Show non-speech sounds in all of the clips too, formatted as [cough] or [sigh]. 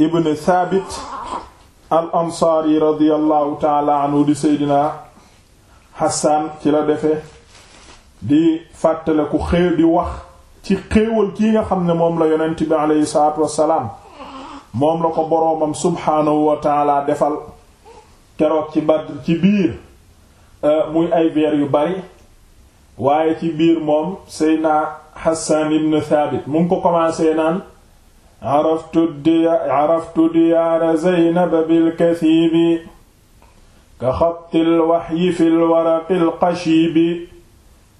ibn thabit al ansaari radiallahu taala anhu di seydina hassan ci la defe di fàttale ku xéew di wax ci xéewal kii nga xam ne moom la yonent bi aleyhi salaatu wassalaam moom la ko boroomam subhaanahu wa taala defal keroog ci biir euh, muy ay weer yu bari waaye ci biir moom seydina hassan ibn thabit mu ngi ko commencé naan caraftu diyaara zeynaba bilkasiibi ka xattil waxyi fil waraqil xashiibi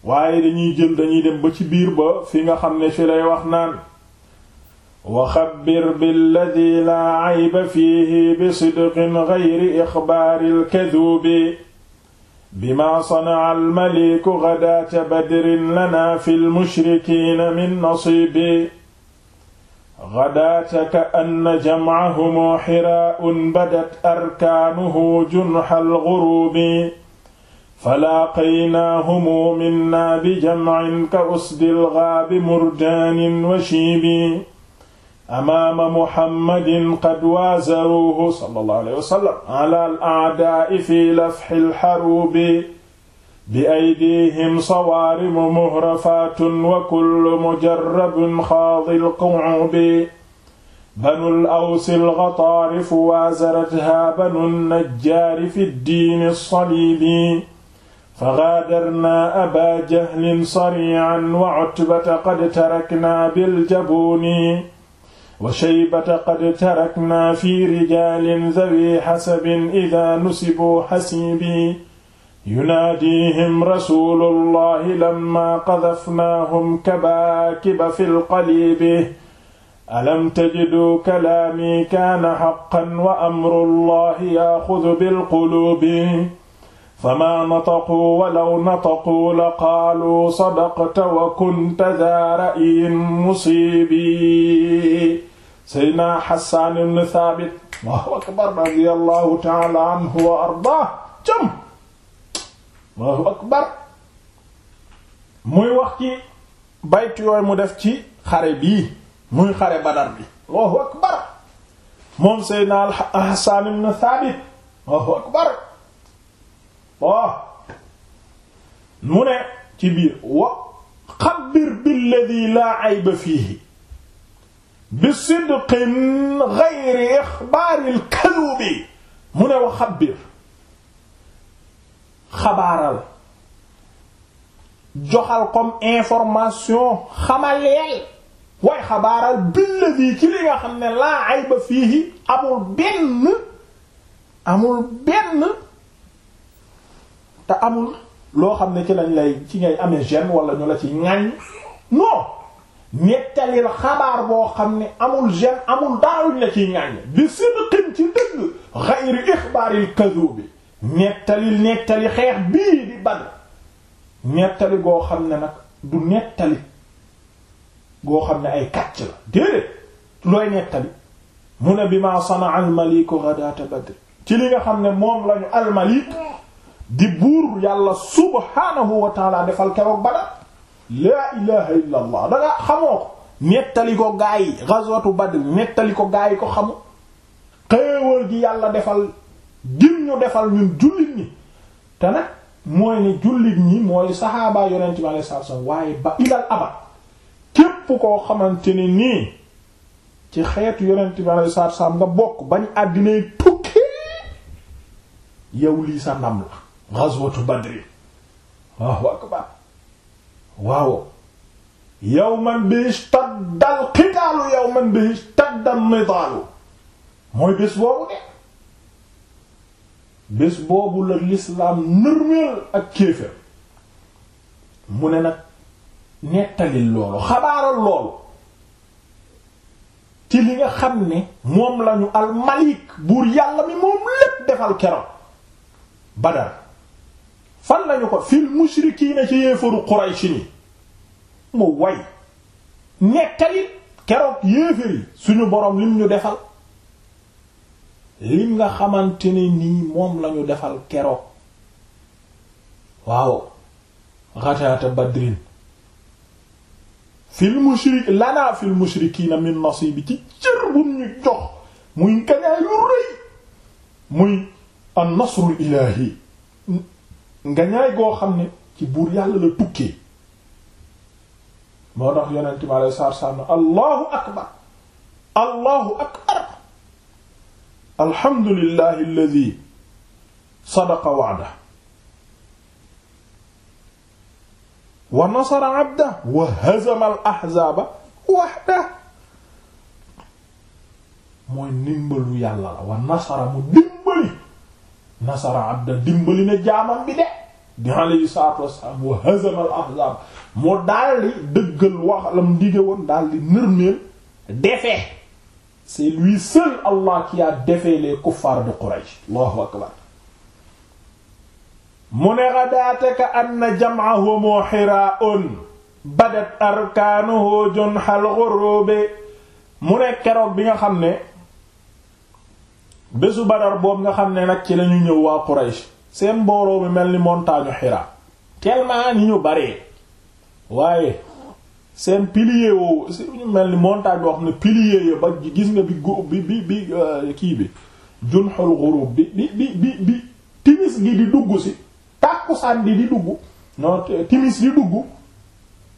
waaye dañuy jël dañuy dem ba ci biir ba fi nga xam ne fi lay wax naan wa xabbir billadi laa cayba fiihi bisidqin gayri ixbaaril kaduubi bimaa sanaca almaliku gadaata badrin lana fi lmushrikiina min nasiibi gadaata ka anna jamcahumu xiraa'un badat arkaanuhu junxal guruubi falaaqaynaahumu minnaa bijamcin ka usdil gaabi murdaanin wa shiibi amaama muhammadin qad waazaruuhu sallallahu alayhi wa sallam ala al acdaa'i fi lafxil xaruubi bi aydihim sawaarimu muhrafaatun wa kullu mujarrabin xaadil qu'ubi banul awsil gataarif waazarathaa banu najjaari fi ddiini saliibi fagaadarnaa abaa jahlin sariican wa cutbata qad taraknaa biljabuuni wa shaybata qad taraknaa fi rijaalin dawii xasabin idaa nusibuu xasiibi yunaadihim rasuulullahi lamma qadafnaahum kabaakiba fil qalibi alam tajiduu kalaami kaana haqqan wa amrullahi yaaxudu bil quluubi famaa nataquu walaw nataquu laqaaluu sadaqta wa kunta daa ra'yin musiibi seydna Hassaan ibn Thaabit Allahu akbar radiyallahu ta'aala anhu wa ardaahu Allahu akbar muy wax ci baytu yooyu mu def ci xare bii muy xare Badar bi Allahu akbar moom Seydina al-Hasan ibn Thabit Allahu akbar waaw oh. mu ne ci biir wa xabbir billadi laa ayba fiihi bi sidqin gayri ixbaaril kaluubi mu ne wa xabbir xabaaral joxal comme information xamaleel waaye xabaaral billadi ci li nga xam ne laa ayba fii amul benn amul benn te amul loo xam ne ci lañ lay ci ngay amee gêne wala ñu la ci ñañ non nettalil xabaar boo xam ne amul gêne amul daawuñ la ciy ñañ bi sidqin ci dëgg xayri ixbaaril kadhub bi nettali nettali xeex bii di Badr nettali goo xam ne nag du nettali goo xam ne ay kàcc la déedéet looy nettali mu ne bi ma sanaa almaliku ghadata Badr ci li nga xam ne moom lañu almalik di buur yàlla subhaanahu wa taala defal keroog Badr laa ilaha illa allah xamoo ko nettali ko gaa yi ghazwatu Badr nettali ko gaa yi ko xamu xéewal gi yàlla defal gi lim ñu defal ñun jullit ñi te nag mooy ne jullit ñi mooy saxaabaa yonent bi alayhi salaam waaye ba ilal abad képp koo xamante ne nii ci xeetu yonent bi alayhi salaam nga bokk ba àddinay tukki yow lii bi ishtadda al qitaalu yawman bi ishtadda an mooy bés boobu de bés boobu la lislaam nërmeel ak kéefër mu ne nag nettalil loolu xabaaral loolu ci li nga xam ne moom lañu almalik buur yàlla mi moom lépp defal keroog Badar fan lañu ko fil mushrikiina ci yéefaru Quraysh ni mu way nettalil keroog yéefar yi suñu boroom lim ñu defal lim nga xamante ne moom lañu defal keroog waaw xataata badrin fil mushrik lanaa fil mushrikiina min nasibi ci cër bu ñu jox muy ngañaay lu rëy muy an nasrul ilaahi ngañaay goo xam ne ci buur yàlla la tukkee moo tax yonente mi alei satu salaam allahu akbar allahu akbar alhamdulillahi alladi sadaqa wa'da wa nasara abda wa hazama al ahzaaba wahda mooy ndimbalu yàlla la wa nasara mu dimbali nasara abda dimbali na jaamam bi de di alayhi salaatu wassalaam wa hazama al ahzaab moo daldi dëggal wax lam dige woon daldi nërmeel defee c'est lui seul Allah qui a défait les kuffar de Quraysh Allahu akbar mu ne xadaataka ann jam'ahum xiraa'un badat arkaanuhu junhal ghurub mu ne keroog bi nga xam ne bésu Badar boobu nga xam ne nag ci lañu ñëw waa Quraysh seen mbooloo bi mel ni montagne Hira tellement ni ñu bare waaye seen pilier woo si ñu mel ni montagne boo xam ne pilier ya ba gis nga bi gu bi bi bi euh, kii bi junxul xurub bi bi bi bi bi timis gi di dugg si tàkkusaan di di dugg non timis di dugg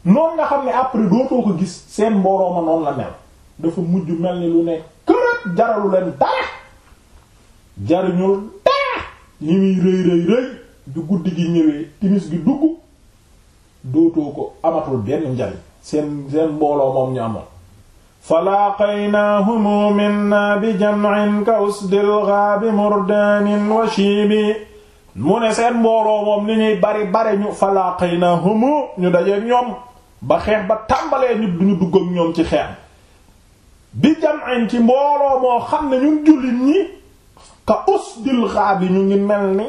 noonu nga xam ne après dootoo ko gis seen mboorooma noonu la mel dafa mujj mel ni lu ne kërët jaralu leen dara jariñul dara li muy rëy rëy rëy du guddi gi ñëwee timis gi dugg dootoo ko amatul benn njariñ seen seen mbooloo moom ñu amoon fa laaqaynaahum minna bi jam'in ka usdil ghaabi murdaanin wa mu ne seen mbooloo moom li ñuy bari bari ñu fa laaqaynaahum ñu dajeek ñoom ba xeex ba tàmbalee ñu duñu dugg ak ñoom ci xeex bi jam'in ci mbooloo moo xam ne ñun jullit ñi ka usdil ghaabi ñu ngi mel ni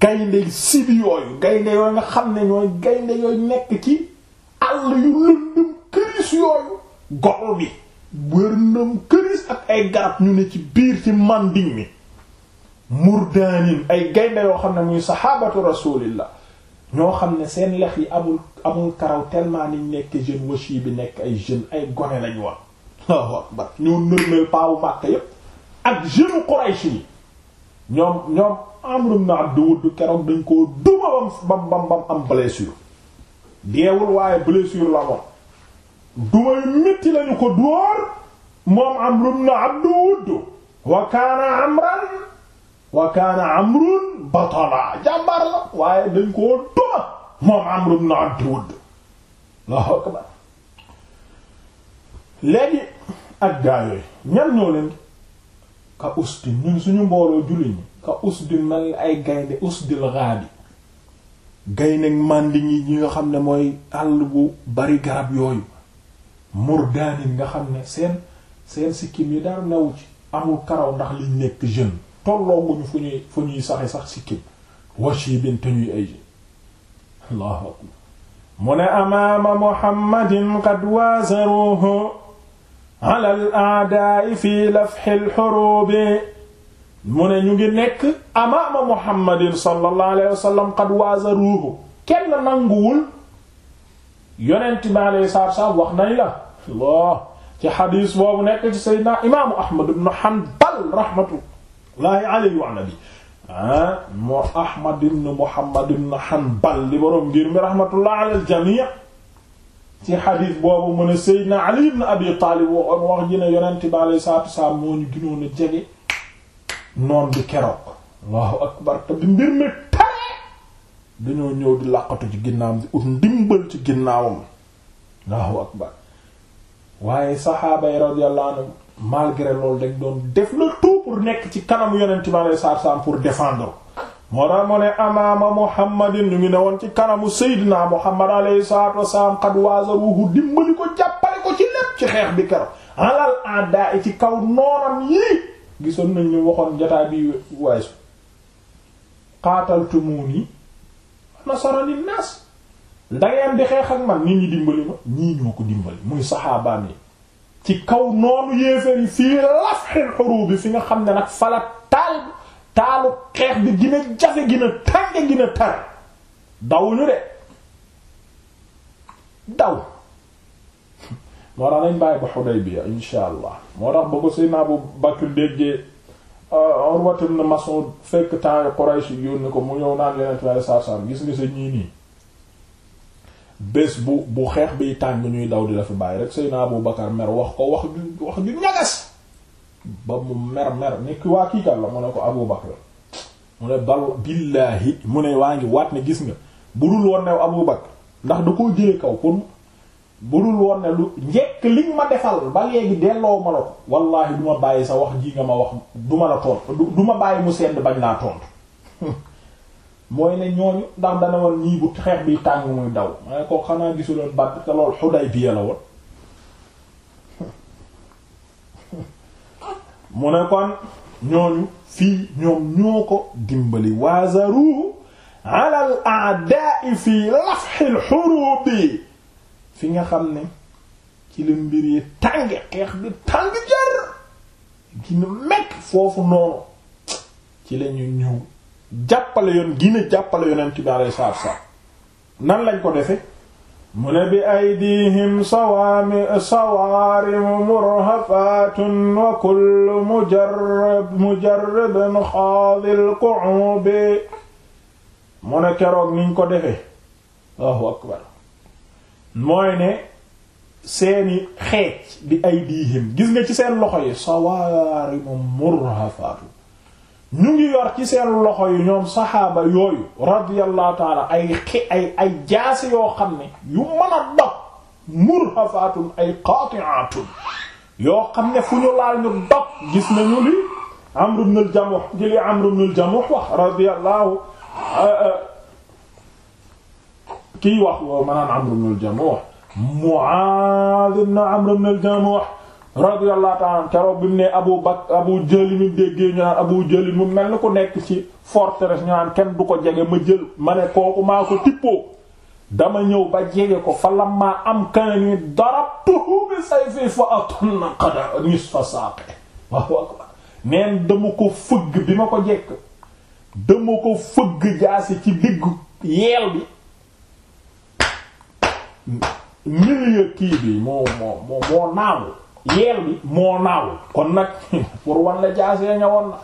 gaynde sibi yooyu gaynde yooyu nga xam ne ñooy gaynde yooyu nekk ci àll yu lëndëm këris yooyu gol bi wërnam këris ak ay garab ñu ne ci biir ci manding mi murdaanin ay gaynde yoo xam ne muy saxaabatu rasulillah ñoo xam ne seen lex yi amul amul karaw tellement niñ nekk jeune washi bi nekk ay jeune ay gone lañu wax Allahu akbar ñoo paawu Makka yépp ak jeune Quraysh ñoom ñoom Amru ibn Abd Wudd keroog dañ koo duma bam bam bam am blessure deewul waaye blessure la moom dumay métti lañu ko dóor moom amrum na abdu wudd wa kaana amran waaye dañ koo duma moom amrum na abdu wudd Allahu akbar léegi ak gaa yooyu ñoo leen ka ustin ñun suñu mbooloo julli ka ustin mel ay gaynde usdil ghaabi gaynde màndi ñi nga xam ne mooy àll bu bari garab yooyu murdaanin nga xam ne seen seen sikkim yi daal naw ci amul karaw ndax liñ nekk jeune tollooguñu fu ñuy fu ñuy saxe sax sikkim washi bin te ñuy ay allahu akbar mu ne amaama muhammadin qad waasaruhu ala al a'da'i fi lafhil hurubi mu ne ñu ngi nekk amaama muhammadin sallallahu alayhi wasallam qad waazaruhu kenn nanguwul yonent bi alayhi salaatu salaam wax nañ la Allah ci xadiis boobu nekk ci sayyidina imaamu ahmad ibn hanbal rahmatullahi alayhi wa nabi ah moo ahmad ibn muhammad ibn hanbal li boroom ngir mi rahmatullahi ala al jamii ci xadiis boobu mu ne sayyidina ali ibn abi taalib waxoon wax ji ne yonent bi alayhi salaatu salaam moo ñu gënoon a jege noon bi keroog allahu akbar te bi mbir mi tare dañoo ñëw di làqatu ci ginnaaw di ut ci ginnaawam allahu akbar waaye saxaaba yi radiyallahu anhum malgré loolu dañ doon def le tout pour nekk ci kanamu yonent bi alayhi salaatu salaam pour défendre moo tax ne amaama muhammadin ñu ngi ne woon ci kanamu seydina muhammad alayhi salaatu wasalaam xad waasaruhu dimbali ko jàppale ko ci lépp ci xeex bi keroog alal adaa ci kaw noonam yii gisoon nañ ñu waxoon jotaay bi weesu qaataltumuuni nasarani naas dangeen di xeex ak man nit ñi dimbali ma ñii ñoo ko dimbali muy saxaabaan yi ci kaw noonu yéeféer yi fii lafxil xuruub yi fi nga xam ne nag fala taal taalu xeex bi gën a jafe gën a tànge gën a tar de daw moo tax nañ bàyyi ba Hudaybiya insha allah moo tax ba ko Seydina Abu Bakr déggee euh, Urwa ibn Mas'ud fekk temps yu ko mu ñëw naan Yonent bi sallallahu gis nga sa ñii bés bu bu xeex biy tàng ñuy daw di la fi bàyyi rek Seydina Abu Bakar mer wax ko wax ju ñagas ba mu mer mer ni ki waa kii kan la mu ne ko Abu Bakar mu ne bal billaahi mu ne waa ngi waat ne gis nga bu dul woon new Abu Bakar ndax du koo jëlee kaw pour. budul woon ne lu njekk liñ ma defal ba léegi delloo ma la ko wallaahi du bàyyi sa wax ji nga ma wax du la tontu du bàyyi mu sedd bañ laa tontu [laughs] mooy ne ñooñu ndax dana woon ñii bu xeex bi tàng muy daw ma ne ko xanaa gisuloon bàtt te [laughs] mu ne kon ñooñu fii ñoom ñoo ko dimbali waazaruhu ala al a'da'i fi lafhil fi nga xam ni ci la mbir yi tàng xeex bi tàng jar gina mekk foofu noonu ci lañu ñëw jàppale yoon gina jàppale yonent bi alayhi salaatu salaam nan lañ ko defe mu ne bi aydihim sawaami murhafaatun wa kullu mujarrab mujarrabin xaadil qu'ubi mu ne keroog niñ ko defe Allahu akbar mooy ne seeni xeec di ay gis nga ci seen loxo yi sawaarimu murhafaatu ñu ngi yor ci seen loxo yi ñoom saxaaba yooyu radiyallahu taala ay xe yoo xam ne yu mën a dog ay qaati'atun yoo xam ne fu ñu laal ñu dog gis nañu li Amr ibn al-Jamuh jëli Amr ibn al-Jamuh wax radiyallahu kiy wax loolu ma naan Amr ibn al-Jamuh Mu'aaz ibn Amr ibn al-Jamuh radiyallahu ta'ala keroog bi mu ne Abu Bakr Abu Jahl mi ñu naan Abu Jahl mu mel ni ku nekk ci forteresse ñu naan kenn du ko jege ma jël ma ne kooku maa ko tippoo dama ñëw ba jege ko fa lamma am kani darabtuhu bi sayfi fa atanna qada nisfa saaqi waaw neen dama ko fëgg bi ma ko jekk dama ko fëgg jaasi ci diggu yeel bi milieu kii bi moo moo moo moo yeel bi moo naaw kon nag [laughs] pour wan jaasee ñëwoon na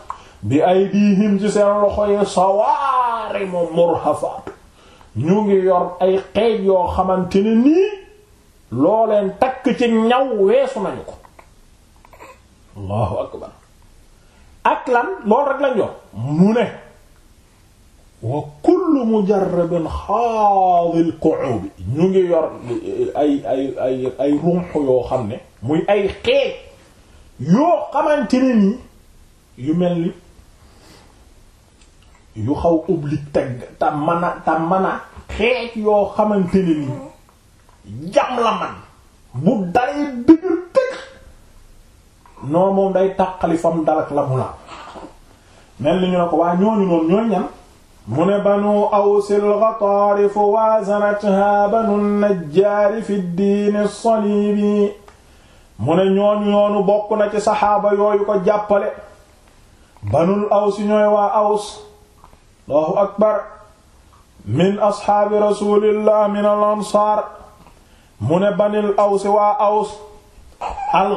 bi ay diihim ci seen loxo yi sawaari mu murhafaat ñu ngi yor ay xeej yoo xamante ne nii loo takk ci ñaw weesu nañu ko allahu akbar ak lan loolu rek lañ yor mu ne wa kullu mujarrabin xaadil qu'ubi ñu ngi yor ay ay ay ay yoo xam ne muy ay xeej yoo xamante ne yu mel ni yu xaw oblique teg ta mana xeej yoo xamante ne ni jam la man bu dalee dëgër tëg non moom day tàqali fam dalak la mu la mel ni ñu ne ko waa ñooñu noonu ñooy ñan mu ne banu awsil gataari fu waasanatha banu najjaari fi diini saliibi mu ne ñooñu ñoonu bokk na ci saxaaba yooyu ko jàppale banul aws ñooy waa aws allahu akbar min asxaabi rasulillah min al mu ne banil aws waa aws al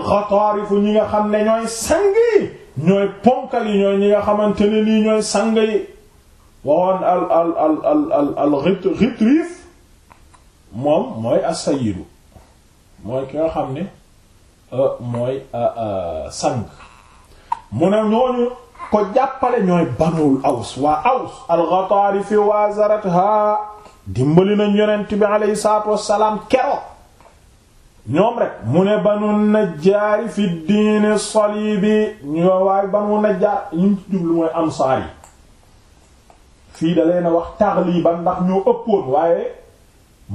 ñi nga xam ne ñooy sang yi ñooy ponkal yi ñooy ñi nga xamante ne lii ñooy sang yi waxoon al al al al al al xit xitriif moom mooy as-sayyidu mooy ki xam ni euh, mooy euh, euh, sang mu ne ñooñu ko jàppale ñooy banul aws waa aws al-Ghataari fi waazaratha dimbali nañ yonent bi aleyhi salaatu wassalaam kero ñoom rek mu ne banu najjaari fi diini salibi ñoo waay banu najjaar ñu ci jublu mooy ansaar fii da leen a wax taxliban ndax ñoo ëppoon waaye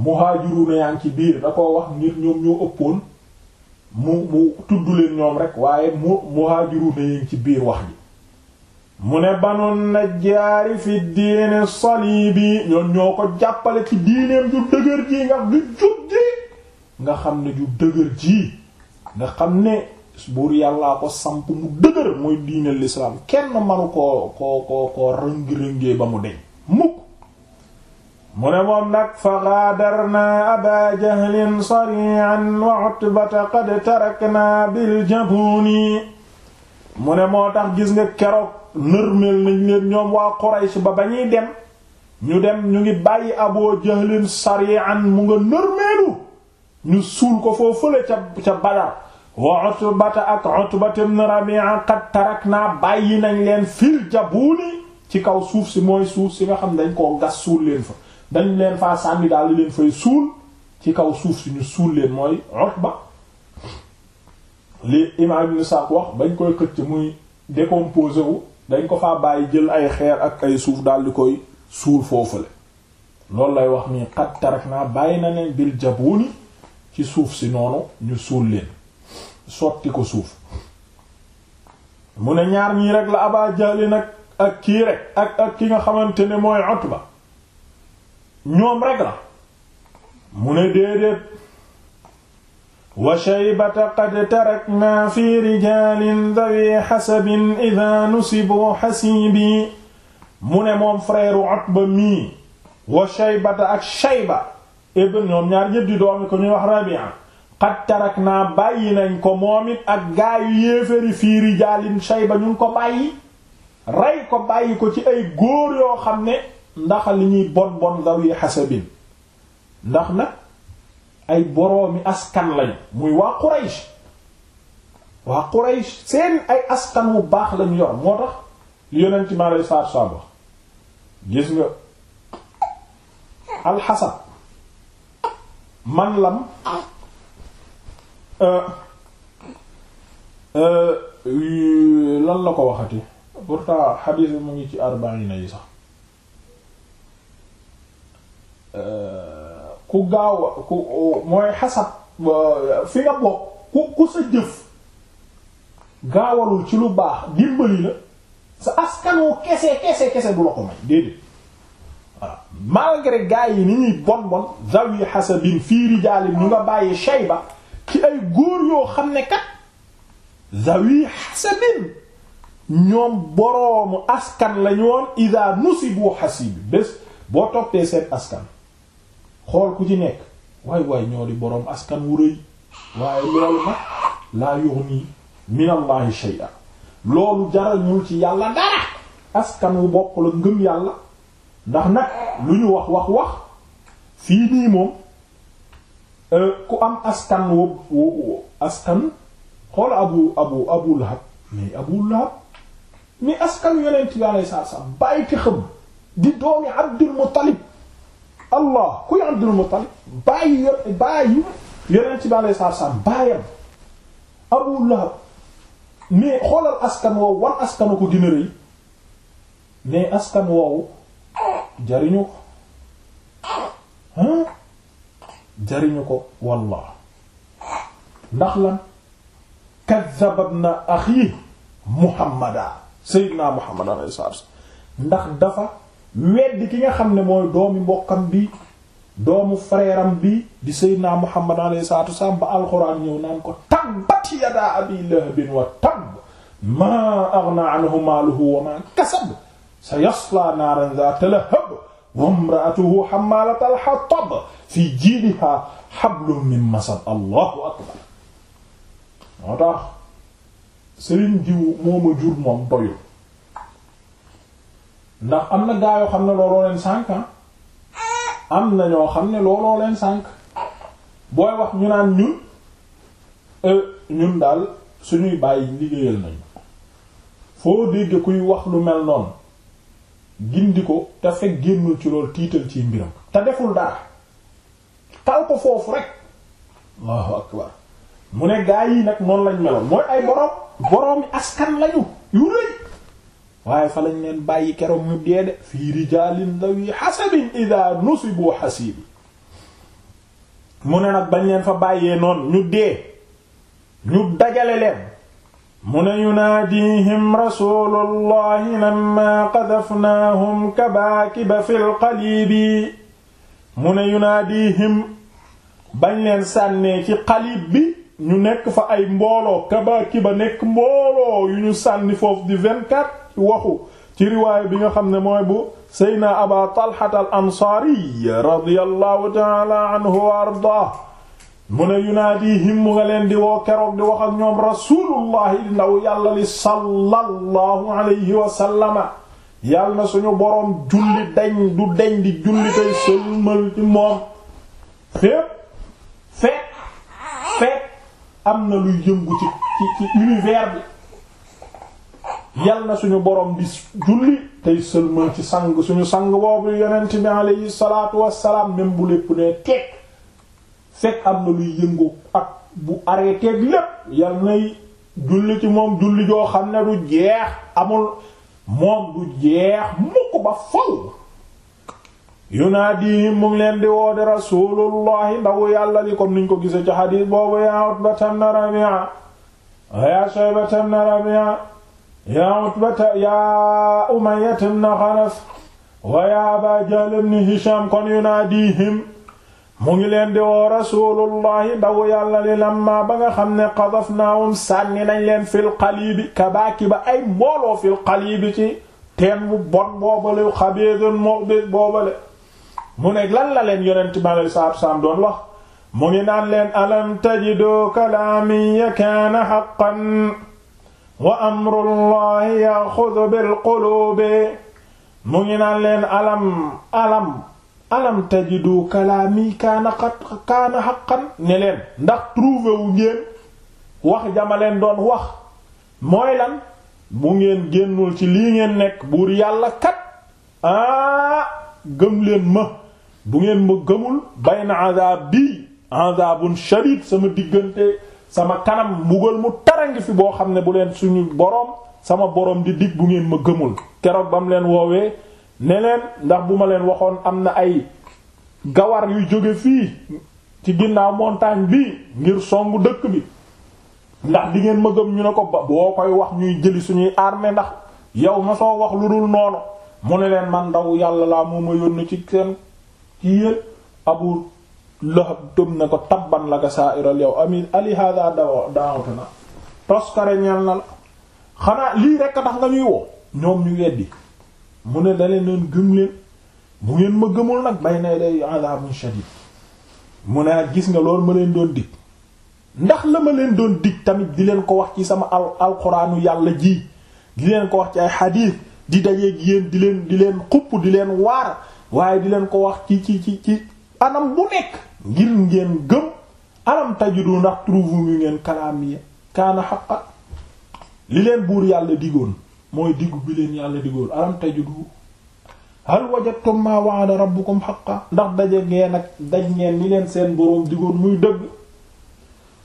muhaajiruuna yaa ci biir da koo wax ngir ñoom ñoo ëppoon mu mu tudd leen ñoom rek waaye mu muhaajiruuna yaa ci biir wax ji mu ne banoon banu najjaari fi diine salibi ñoom ñoo ñoo ko jàppale ci diineem ju dëgër ji nga ju jub ji nga xam ne ju dëgër ji nga xam ne buur yàllaa ko samp mu dëgër muy diine l'islam kenn manu koo koo koo koo rëngi-rëngee ba mu deñ mukk mu ne moom nag fa gaadarna aba jahlin sari'an wa utbata qad tarakna bil jabuni mu ne moo tax gis nga keroog nërmeel nañ leen ñoom waa Quraysh ba ba ñuy dem ñu dem ñu ngi bàyyi aboo jahlin sari'an mu nga nërmeelu ñu suul ko foofu fële ca ca Badar wa utbata ak utbata ibn rabi'a qad tarakna bàyyi nañ leen fil jabuni ci kaw suuf si mooy suuf si nga xam dañ koo gas suul leen fa dañ leen faa sànni daal leen fay suul ci kaw suuf si ñu suul leen mooy utba li imam ibn Sa'd wax bañ koy xëcc muy décomposé wu dañ ko faa bàyyi jël ay xeer ak ay suuf daal di koy suul foofule loolu lay wax nii qad tarakna bàyyi na leen bil jabuni ci suuf si noonu ñu suul leen sotti ko suuf mu ne ñaar ñii rek la Abaa Jahl nag ak kii rek ak ak ki nga xamante ne mooy Utba ñoom rek la mu ne déedéet wa shaybata qad tarakna fi rijalin dawi xasabin ida nusibu xasibi mu ne moom frère Utba mii wa shaybata ak shayba ibn ñoom ñaar ñépp doomi ko ñuy wax Rabi'a qad tarakna bàyyi nañ ko moom it ak gaayu yéeféri fii say ba ñu ko bàyyi rey ko bàyyi ko ci ay góor yoo xam ne ndax li ñuy bon bon dawi xasabin ndax nag ay boroomi askan lañu muy waa Quraysh waa Quraysh seen ay askan wu baax lañu yor moo tax yonent ma lay saab wax gis nga alxasab man lam Euh, euh, euh, lan la ko waxati pourtant xadiis bi mu ngi ci arbaina yi sax ku gaaw ku mooy xasab fi nga bokk ku ku sa jëf gaawalul ci lu baax dimbali la sa askanoo kese kese kese du la ko may déedéet voilà malgré gaa yi ni ñuy bon bon zawi xasabin fii rijaalin ñu nga bàyyi shayba ci ay góor yoo xam ne kat zawi hasabin ñoom boroomu askan lañu woon ida nusibu hasibi bés boo toppee seen askan xool ku ci nekk waay waay ñoo di boroom askan wu rëy waaye loolu nag laa yughni min allahi shay'a loolu jaral ñu ci yàlla dara askan wu bokk la ngëm yàlla ndax nag lu ñu wax wax wax fii nii moom Euh, ku am askan wo askan xool abu abu abu lahab mais abu lahab mais askan yonent bi alayhi salaatu salaam bàyyi te xam di doomi abdul muttalib allah kuy abdul muttalib bàyyi yo- bàyyi yonent bi alayhi salaatu salaam bàyyam abu lahab mais xoolal askan woowu wan askanu ko gën a rëy mais askan woowu jariñu ko jariñu ko wallah ndax lan kazzaba ibn axi muhammada sayyidina muhammad alayhi salatu ndax dafa weddi ki nga xam ne mooy doomi mbokkam bi doomu frère am bi di sayyidina muhammad alayhi salatu wasalam ba alquran ñëw naan ko tabbat yada abi lahabin wa tabb ma aghna anhu maaluhu wa ma kasab sayasla naaran zata lahab wa imra'atuhu hammalatal hatab fi jiidihaa hablum min masad allahu akbar moo tax sëriñ diw moo ma jur moom doyul ndax am na gaa xam ne looloo leen sànk ah. am na ñoo xam ne looloo leen sànk booy wax ñu naan ñun euh, ñun daal suñuy bàyyi liggéeyal nañu foo dégg kuy wax lu mel noonu di ko te fekk génnul ci loolu tiital ci mbiram te deful dara tal ko foofu rek Allahu akbar mu ne gaa yi nag noonu lañ meloon mooy ay borom borom askan lañu yu rëy waaye fa lañ leen bàyyi keroog ñu dee de fii rijalin dawi hasabin idha nusibu hasibi mu ne nag bañ leen fa bàyyee noonu ñu dee ñu dajale leen mu ne yunaadihim rasulullahi lamma qadafnaahum kabaakiba fil qaliibi mu ne yunaadihim bañ leen sànnee ci xaliib bi ñu nekk fa ay mbooloo kabaakiba nekk mbooloo yu ñu sànni foofu di 24 waxu ci riwaay bi nga xam ne mooy bu seydna aba talxata al ansaari radiyallahu taala anhu wa ardaa mu ne yunaadihim mu nga leen di woo keroog di wax ak ñoom rasulullahi ndaw yàlla li sallallahu alayhi wa yàlla na suñu boroom julli dañ du deñ di julli tey sëlmal ci moom fépp fekk fekk am na luy yëngu ci ci ci univers bi yàlla suñu boroom di julli tey sëlmal ci sang suñu sang boobu yonent bi alayhi salaatu wassalaam même bu lépp ne teg fekk am na luy yëngu ak bu arrêté lépp yal nay julli ci moom julli joo xam ne du jeex amul moom du jeex mukk ba faw yunaadihim mu ngi leen di woode rasulullahi ndaw yàlla li comme niñ ko gise ci xadiis boobu yaa Utbata ibn Rabi'a yaa Shaybata ibn Rabi'a yaa Utbata yaa Umayyata ibn Xalaf wa yaa Abaa Jahl ibn Hisham kon yunaadihim mu ngi leen di woo rasulullahi ndaw yàlla li ba nga xam ne qadafnaahum sànni nañ leen fil qalibi kabaaki ba ay mbooloo fil qalibi ci teen bu bon boobale mu ne lan la leen yonent ma lay saab saam doon wax mu ngi naan leen alam tajidu kalaamiya kaana haqqan wa amrullahi yaxudu bil qulubi mu ngi naan leen alam alam alam tajidu kalaami kaana xat kaana xaqan ne leen ndax trouver wu ngeen wax jamaleen doon wax mooy lan bu ngeen génnul ci lii ngeen nekk buur yàlla kat aa gëm leen ma bu ngeen ma gëmul bay na azab bi azabun shadid sama diggante sama kanam mbugal mu tarangi fi boo xam ne bu leen suñu boroom sama boroom di dig bu ngeen ma gëmul keroog ba mu leen woowee ne leen bu ma leen waxoon am na ay gawar yu jóge fii ci ginnaaw montagne bi ngir songu dëkk bi ndax di ngeen ma gëm ñu ne ko ba boo koy wax ñuy jëli suñuy armée ndax yow ma soo wax lu dul noonu mu ne leen man ndaw yàlla laa moo ma yónni ci seen ci yéen abu lahab dëm na ko tabban la ka saa iral yow amin ali hada na toskare ñeel na la xanaa lii rekk a tax nga ñuy woo ñoom ñu weddi mu ne dale neen gëm leen bu ngeen ma gëmul nag bay nay day adabun shadid mu ne nag gis nga loolu ma leen doon dig ndax la ma leen doon dig tamit di leen ko wax ci sama al alxuraanu yàlla ji di leen ko wax ci ay xadiis di dajeeg yéen di leen di leen xupp di leen waar waaye di leen ko wax ci ci ci ci anam bu nekk ngir ngeen gëm anam tajidu ndax trouve yu ngeen kalaam yi kaana xaqa li leen buur yàlla digoon mooy diggu bi leen yàlla diggoon alam tajidu hal wajadtum ma wa'ada rabbukum haqqan ndax daje ngeen ak daj ngeen ni leen seen boroom diggoon muy dëgg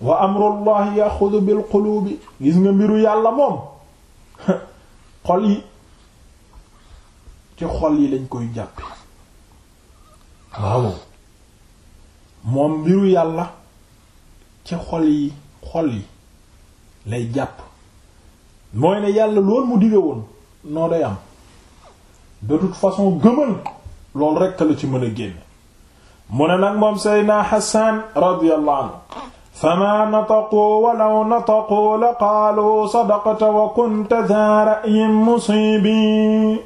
wa amrullahi yaxudu bil qulubi gis nga mbiru yàlla moom [laughs] xol xol yi lañ koy jàppe waaw moom mbiru yàlla ci xol yi xol yi lay jàpp mooy ne yàlla loolu mu dige woon noo day am de toute façon gëmal loolu rekk la ci mën a génn mu ne nag moom seydna Hassan radiyallahu anhu fama nataqu walaw nataqu la qaalu sadaqta wa kunta dha ra'yin musibi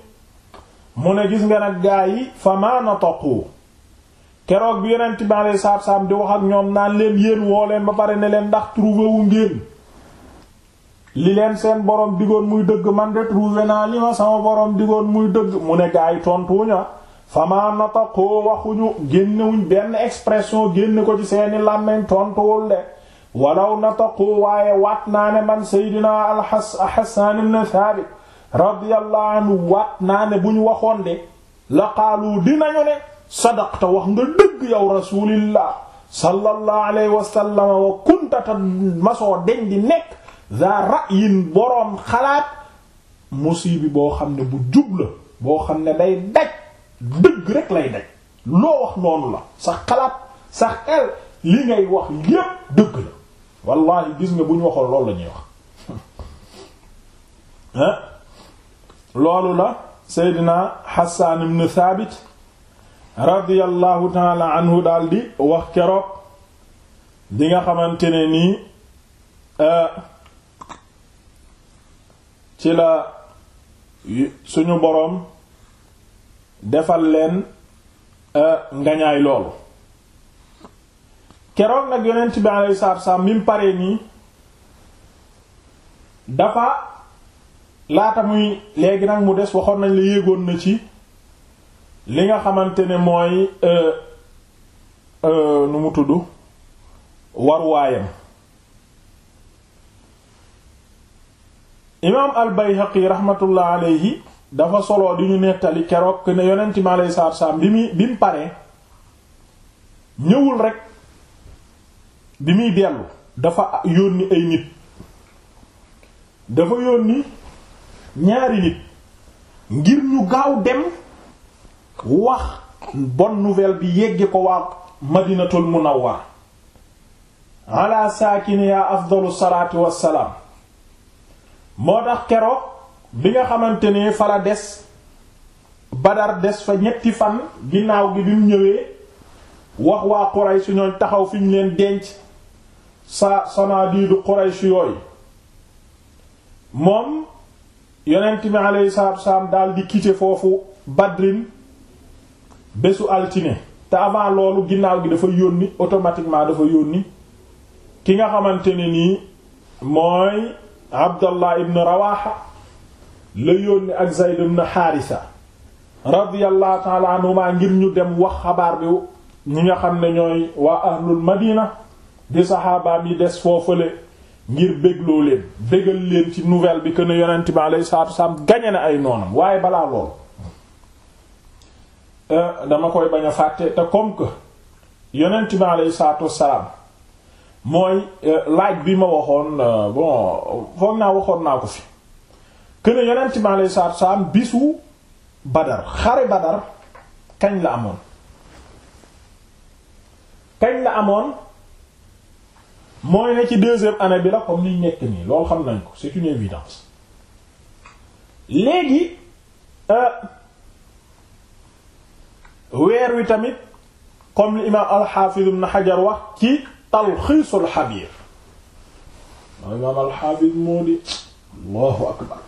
mu ne gis nga nag gaa yi fama nataqu keroog bi yonent bi alayhi salaam di wax ak ñoom naan leen yéen woo leen ba pare ne leen ndax trouvé wu li leen seen borom digoon muy dëgg man de trouvé naa li ma sama borom digoon muy dëgg mu ne gaa yi tontuwuña fama nataqoo waxuñu génnewuñ benn expression génn ko ci seeni làmmeñ tontuwul de walaw nataqoo waaye waat naa ne man seydinaa alxas Hassan ibn Thabit radiyallahu anhu waat naa ne waxoon de la qaalu dinañu ne sadaqta wax nga dëgg yow rasulillah sallallahu alayhi wa wa kunta masoo deñ nekk za ra'yin boroom xalaat musibi boo xam ne bu jub la boo xam ne day daj dëgg rek lay daj loo wax noonu la sax xalaat sa xel li ngay wax yépp dëgg la wallahi gis nga bu ñu waxoon loolu la ñuy wax [laughs] loolu la Seydina Hassan ibn Thabit radiyallahu taala anhu daal di wax keroog di nga xamante ne nii euh, ci la suñu boroom defal leen e, ngañaay loolu keroog nag yonent bi alayhi salaatu salaam mi pare nii dafa laata muy léegi nag mu des waxoon nañ la yéegoon na ci li nga xamante ne mooy e, e, nu mu tudd war imaam al-Bayhaqi rahmatullah alayhi dafa solo di ñu nettali keroog ne yonent mi alayhi salaatu salaam bi ñëwul rek bi muy dellu dafa yónni ay nit dafa yónni ñaari nit dem wax bonne nouvelle bi yegge ko waa Madinatul Munawwar ala saakiniha afdalu salaatu wassalaam moo tax keroog bi nga xamante ne fa des Badar des fa ñetti fan ginnaaw gi bi mu ñëwee wax waa Quraysh ñooñ taxaw fi ñu leen denc sa sanadiidu Quraysh yooyu moom yonent bi alayhi salaatu wasalaam daal di quitter foofu Badrin bésu altine te avant loolu ginnaaw gi dafa yónni automatiquement dafa yónni ki nga xamante nii mooy Abdallah ibn Rawaha la yónni ak Zayd ibn Haarisa radiyallahu ta'ala anhuma ngir ñu dem wax xabaar bi ñi nga xam ne ñooy waa ahlul madina di saxaabaam yi des foofale ngir bégloo leen bégal leen ci nouvelle bi quena yonent bi alayhi salaatu wasalaam gañe na ay noonam waaye balaa lool euh, dama koy bañ a fàtte te comme que yonent bi alayhi salaatu wasalaam mooy euh, laaj bi ma waxoon euh, bon foog naa waxoon naa ko fi kën a yonent mi alayhi salaatu bisu Badar xare Badar kañ la amoon kañ la amoon mooy ne ci deuxième année bi la comme niñ nekk nii loolu xam nañ ko c'est une évidence léegi euh, weer wi tamit comme li imaam al-Hafiz Ibn wax ci talxiisul xabiir mooy imaam alxaafis moo di allahu akbar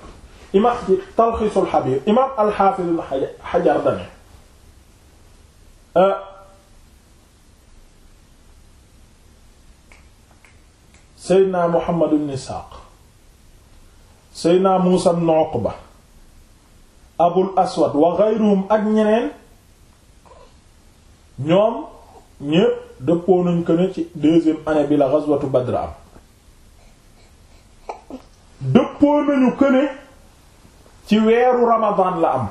imaam ci talxiisul xabiir imaam alxaafis xajar dane eh, seydna muhammad ibn isxaaq seydna muusa ibn uqba abul aswad wa geyruhum ak ñeneen ñoom ñépp dëppoo nañ ko ne ci deuxième année bi la ghazwatu Badr am dëppoo nañu ko ci weeru ramadan la am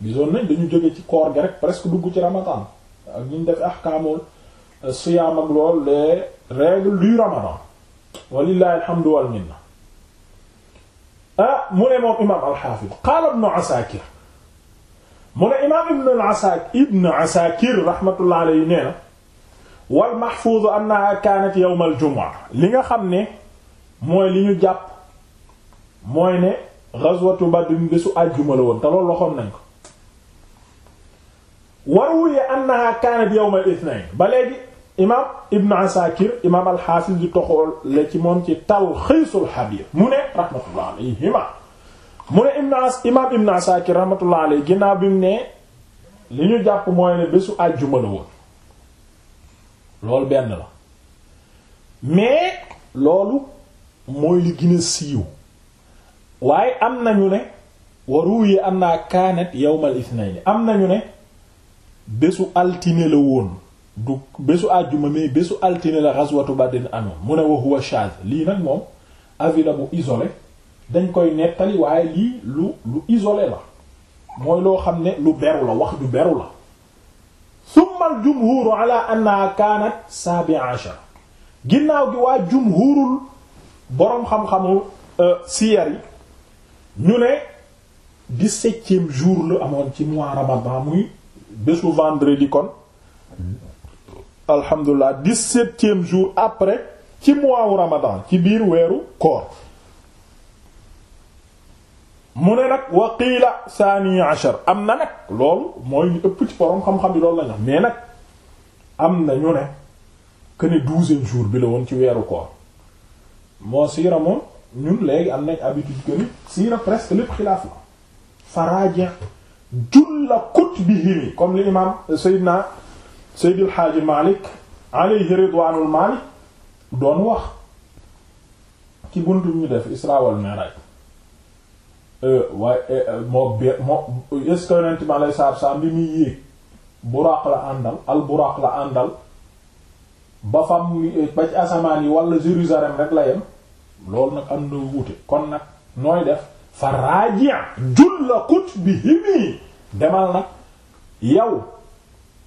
gisoon nañ dañu jóge ci koor gi rek presque dugg ci ramadan ak ñu def ahkaamul siyaam ak lool les règles ah mu ne moom imaam al qaala ibnu Asakir mu ne imaam ibnu Asakir ibnu Asakir rahmatullahi wal mahfuz annaha kaanat yawm al jumaa li nga xam ne mooy li ñu jàpp mooy ne ghazwatu badr bésu àjjuma la woon te loolu waxoon nañ ko waruwee annaha kaanat yawm al ithnayn ba imaam Ibn Asakir imaam al-Hafiz di toxool la ci moom ci talxiisul Habir mu ne rahmatullah alayhima mu ne imaam Ibn Asakir rahmatullah alayhi ginnaaw bi ne li ñu jàpp mooy ne bésu àjjuma la woon. loolu benn la mais loolu mooy li gën siiw waaye am nañu ne yi am na kaanet yawmal ithnayn am nañu ne bésu altine la woon du bésu àjjuma mais bésu altine la ghazwatu badin amoon mu ne wa huwa lii nag moom avis la bu isole dañ koy nettali waaye lii lu lu isole la mooy loo xam ne lu beru la wax du beru la summa al jumhuru ala annaha kaanat saabi ashara ginnaaw gi waa jumhurul boroom xam-xamu euh, siyar ñu ne dix-septième jour la amoon ci mois ramadan muy bésu vendredi kon alhamdulilah dix-septième jour après ci mois ramadan ci biir weeru koor mu ne nag wa qiila saani ashar am na nag loolu mooy li ëpp ci borom xam-xam yi loolu la ñu mais nag am na ñu ne que ne douzième jour bi la woon ci weeru koor moo siira moom ñun léegi am nañ habitude que ni siira presque lépp xilaaf la faraaje julla kutbihi comme li imam Seydina Seydi El Hadji Malick alayhi ridwanul Malik doon wax ci buntu ñu def Isra wal Euh, waaye moo moo est ce que yonent mi bi muy yéeg buraaq la àndal al la àndal ba fam euh, ba asamaan yi wala Jérusalem rek la yem loolu nag am na wuute kon nag nooy def fa raajiya julla kut bi himii demal nag yow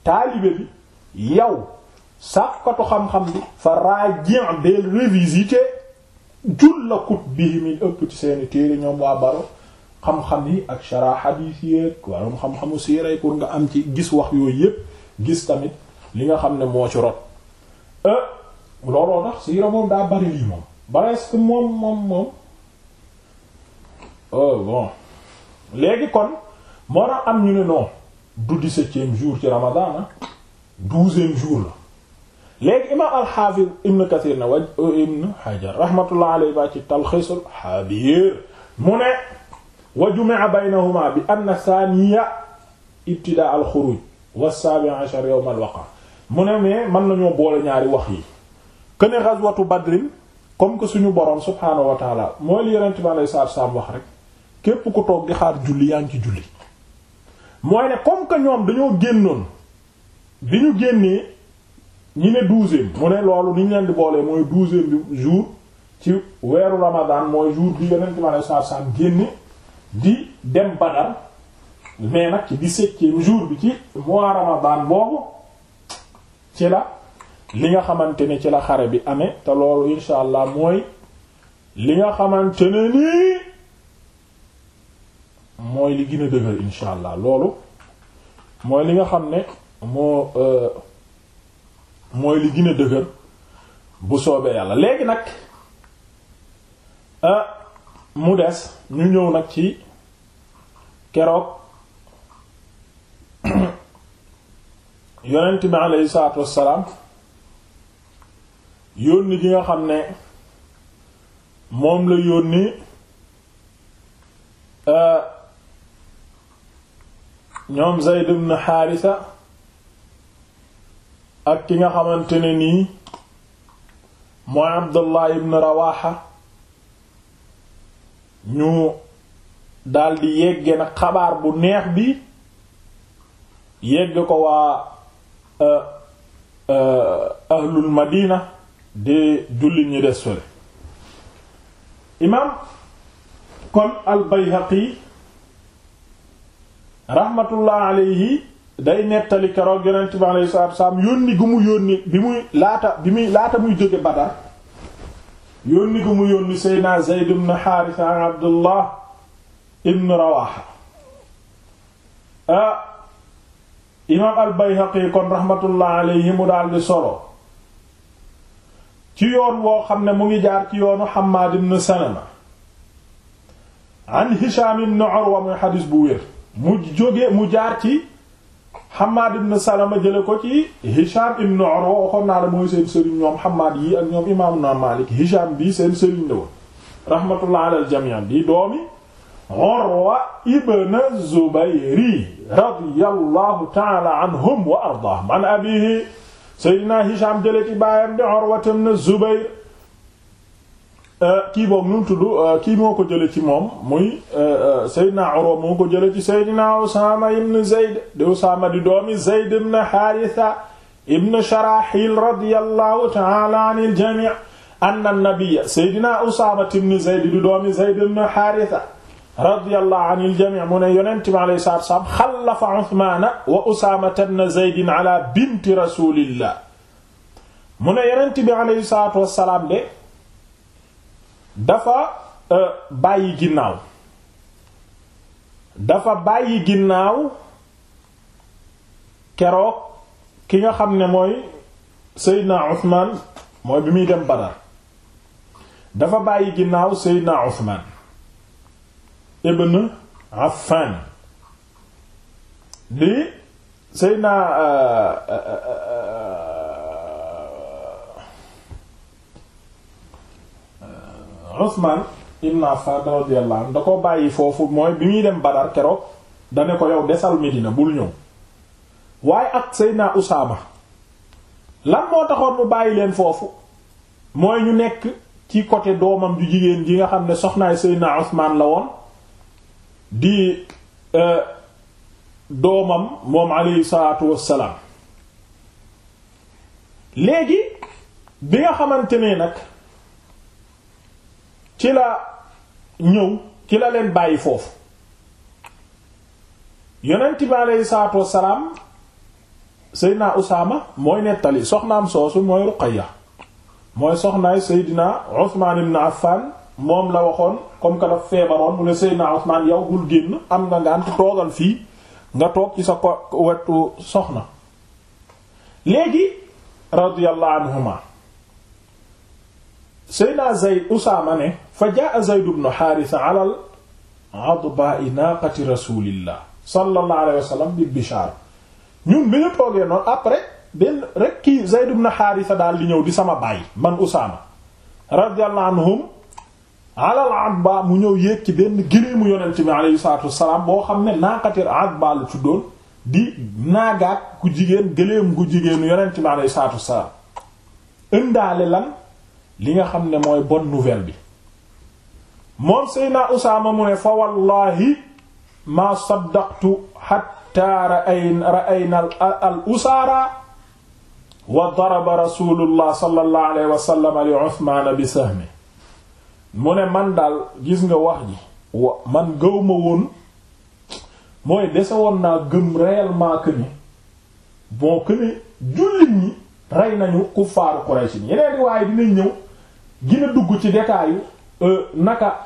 taalibe bi yow sàkkatu xam-xam bi fa raajiya del révisité julla kut bi himii ëpp ci seeni téere ñoom waa baro xam-xam yi ak shara hadith yi warom xam-xamu siiray pour nga am ci gis wax yooyu yépp gis tamit li nga xam ne moo ci rot euh, looloo tax siira moom daa bari lii moom presque moom moom moom euh, bon léegi kon moo tax am ñu ne non du dix-septième jour ci ramadaan ah. douzième jour la léegi imaam al Ibn Kathir na waj euh, Ibn Hajar rahmatullah alayhi ba ci Talxiisul Habiir mu ne wa jumi'a baynahuma bi anna saaniya ibtidaa al xuruj wa sabi ashar yawm al waqa mu ne mais mën nañoo boole ñaari wax yi kuene ghazwatu badrin comme que suñu borom subhaanahu wa taala mooy li yonent bi alayhi salaatu salaam wax rek képp ku toog di xaar julli yaa ngi ci julli mooy ne comme que ñoom dañoo génnoon bi ñu génnee ñi ne douzième mu ne loolu ni ñu leen boolee mooy douzième bi jour ci weeru ramadan mooy jour bi yonent bi alayhi salaatu salaam génne di dem Badar mais nag ci dix-septième jour bi ci mois Ramadan boobu ci la li nga xamante ni ci la xare bi amee te loolu insha allah mooy li nga xamante ne mooy li gën dëgër insha allah loolu mooy li nga xam ne moo mooy li gën dëgër bu soobee yàlla léegi nag ah, mu des ñu ñëw nag ci keroog yonent bi aleyhi salaatu wassalaam yónni gi nga xam ne moom la yónni euh, ñoom Zayd ibn Haarisa ak ki nga xamante ne nii mooy Abdullah ibn Rawaha ñu daldi yegge na xabaar bu neex bi yegg ko waa euh, euh, ahlul madina di jullit ñi des fële imaam kon al bayhaqi rahmatullah alayhi day nettali keroog yonent bi alayhi salaatu salaam yónni gu mu yónni bi muy laata bi muy laata muy jóge Badar yónni gu mu yónni seydna Zayd ibn Haarisa an Abdullah ibn Rawaaha ah, imaam al-Bayhaqi kon rahmatullah alayhi mu daal solo ci yoon woo xam ne mu ngi jaar ci yoonu Hammaad ibn Salama an Hishaam ibn Urwa muy xadis bu wér mu jóge mu jaar ci Hammaad ibn Salama jële ko ci Hisham ibn Urwa waxoon naa la mooy seen sëriñ ñoom Hammaad yi ak ñoom imaamu na Maalik Hisham bii seen sëriñ la woon rahmatullah ala al-jamii di doomi Urwa ibn Zubayri radiyallahu ta'ala anhum wa ardaahum an abiihi Seydina Hisham jële ci baayam di Urwa ibn Zubayr Euh, kii boobu nu mu tudd euh, kii moo ko jële ci moom muy euh, Seydina Urwa moo ko jële ci Seydina Usaama ibn Zayd di Usaama di doomi Zayd ibn Haarisa ibn Sharaxil radiyallahu ta'ala anil jamii' anna nabiyya Seydina Usaama ibn Zayd di doomi Zayd ibn Haarisa radiyallahu anil jamii' mu ne yonent bi alayhi salaatu wa salaam xallafa Usmaana wa Usaama ibn Zayd ala binti rasulillah mu ne yonent bi alayhi salaatu wa salaam de dafa euh, bàyyi ginnaaw dafa bàyyi ginnaaw keroog ki nga xam ne mooy Seydina Usmaan mooy bi muy dem Badar dafa bàyyi ginnaaw Seydina Usmaan ibn Affan di Seydina euh, euh, Usman ibn Affan radiyallahu anhu da ko bàyyi foofu mooy bi muy dem Badar keroog da ne ko yow desal Medina bul ñëw waaye ak Seydina Usaama lan moo taxoon mu bàyyi leen foofu mooy ñu nekk ci côté doomam ju jigéen ji nga xam ne soxnaay Seydina Usman la woon di euh, doomam moom alayhi salaatu wassalaam léegi bi nga xamante ne nag ci la ñëw ci la leen bàyyi foofu yonent bi aleyhi salaatu wassalaam seydina usaama mooy nettali soxnaam soosu mooy ruqayya mooy soxnaay seydina usmaan ibn affan moom la waxoon comme que daf feebaroon mu ne seydina usmaan yow bul génn am nga nga am toogal fii nga toog ci sa ko wetu soxna léegi radiyallahu anhuma Seydina Zayd Usaama ne fa jaa Zayd ibn Haarisa alal adbaa'i naaqati rasulillah sallallahu alayhi wa sallam ñun bi ñu toogee noonu après benn rek kii Zayd ibn daal di ñëw di sama baay man Usaama radiyallahu anhum alal adbaa mu ñëw yéeg ci benn gëléemu yonent bi alayhi salaatu wassalaam boo xam ne naaqati adbaa lu tuddoon di naagaat ku jigéen gëléem ku jigéenu yonent bi alayhi salaatu wassalaam indaale lan li nga xam ne mooy bonne nouvelle bi moom Seydina Usaama mu ne fa wallaahi maa saddaqtu xatta ra'ayna al usaara wa daraba rasulullah sallallahu alayhi li Usmaan bi sahmi mu ne man daal gis nga wax ji wa man gëw ma woon mooy dese woon naa gëm réellement que ni bon que jullit ñi rey nañu kuffaaru Quraysh ñeneen waaye dinañ ñëw gën dugg ci détail euh, naka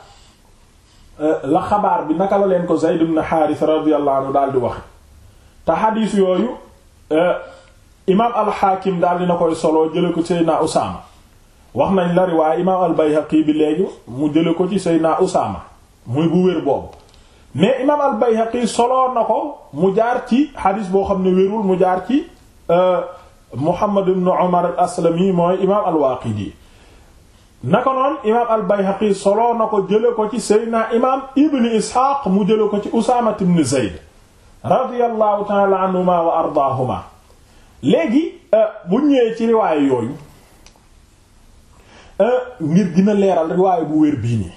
euh, la xabaar bi naka la leen ko Zayd ibn Haaris radiyallahu anhu daal di wax te xadiis yooyu euh, imaam al-Hakim daal na koy solo jële ko Seydina Usaama wax nañ la riwaaya imaam al-Bayhaqi bi léegi mu jële ko ci Seydina Usaama muy bu wér boobu mais imaam al-Bayhaqi solo na ko mu jaar ci xadiis boo xam ne wérul mu jaar ci Muhammad ibn Umar al-Aslami mooy imaam al-Waaqidi naka noonu imaam al-Bayhaqi soloo na ko jële ko ci seydna imaam ibn Isxaaq mu jële ko ci Usaama ibn Zayd taala anhuma wa ardaahuma léegi euh, bu ñëwee ci riwaaye yooyu euh, ngir dina leeral riwaaye bu wér bii nii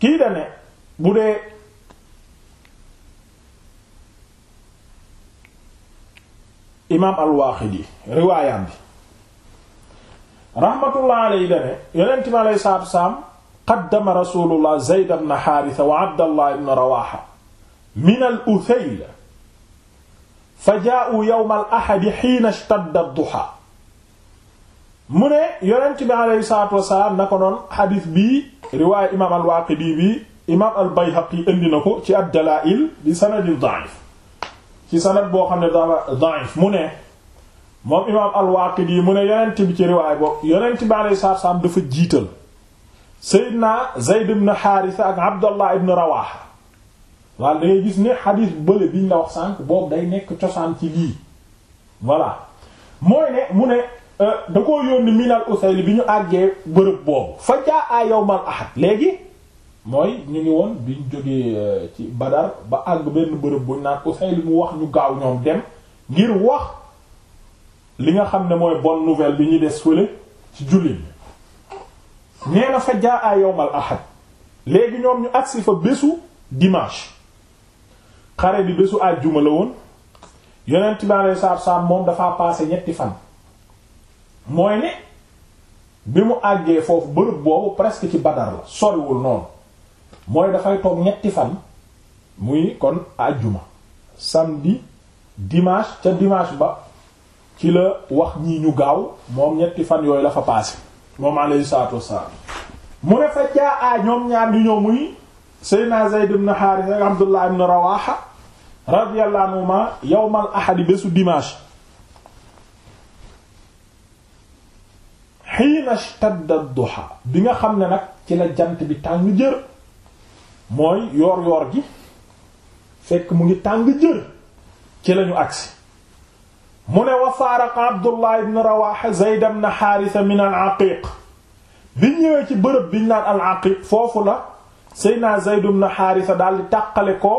kii da bu dee imaam al-Waaqidi riwaayam bi rahmatullah alayhi dane yonent mi alayhi salaatu salaam qaddama rasulullah Zayd ibn Haarisa wa Abdallah ibn Rawaaha min al-Uthayla fa jaa'u yawm al-ahad hiina ishtadda ad-duhaa mu ne yonent bi alayhi salaatu wasalaam na ko noon xadis bii riwaaya imaam al-Waaqidi bi imaam al-Bayhaqi indi na ko ci ad-Dalaa'il bi sanadin da'if ci sanad boo xam ne dafa da'if mu ne moom imaam al-Waaqidi mu ne yonent bi ci riwaay boobu yonent bi alayhi salaatu salaam dafa jiital Seydina Zayd ibn Haarisa ak Abdallah ibn Rawaaha waaw da gis ne xadiis bële biñ la wax sànq boobu day nekk cosaan ci lii voilà mooy ne mu ne euh, da koo yónni minal usayli bi ñu àggee bërëb boobu fa jaa yawmal ahad léegi mooy ñu ngi woon biñ jógee euh, ci Badar ba àgg benn bërëb buñ naan usayli mu wax ñu gaaw ñoom dem ngir wax li nga xam ne mooy bonne nouvelle bi ñu des fële ci jullit ñi nee na fa jaa a yowmal ahad léegi ñoom ñu agsi fa bésu dimanche xare bi bésu àjjuma la woon yonent bi alayhi salaatu moom dafaa passé ñetti fan mooy ne bi mu àggee foofu bërëb boobu presque ci Badar la soriwul noonu mooy dafay toog ñetti fan muy kon àjjuma samedi dimanche ca dimanche ba ci la wax ñii ñu gaaw moom ñetti fan yooyu la fa paase moom alayhi salaatu wassalaam mu ne fa jaa a ñoom ñaar ñu ñëw muy Seydina Zayd ibn Haarisa ak Abdullah ibn Rawaha radiyallahu anhuma yawmal ahadi bésu dimanche xiina stadda duha bi nga xam ne nag ci la jant bi tàng jër mooy yoor yoor gi fekk mu ngi tàng jër ci lañu agsi mu ne wa faaraqa abdullah ibn rawaxa zayd ibn min al aqiq biñ ñëwee ci bërëb biñ naan al aqiq foofu la seydna zayd ibn xaarisa daal di tàqale ko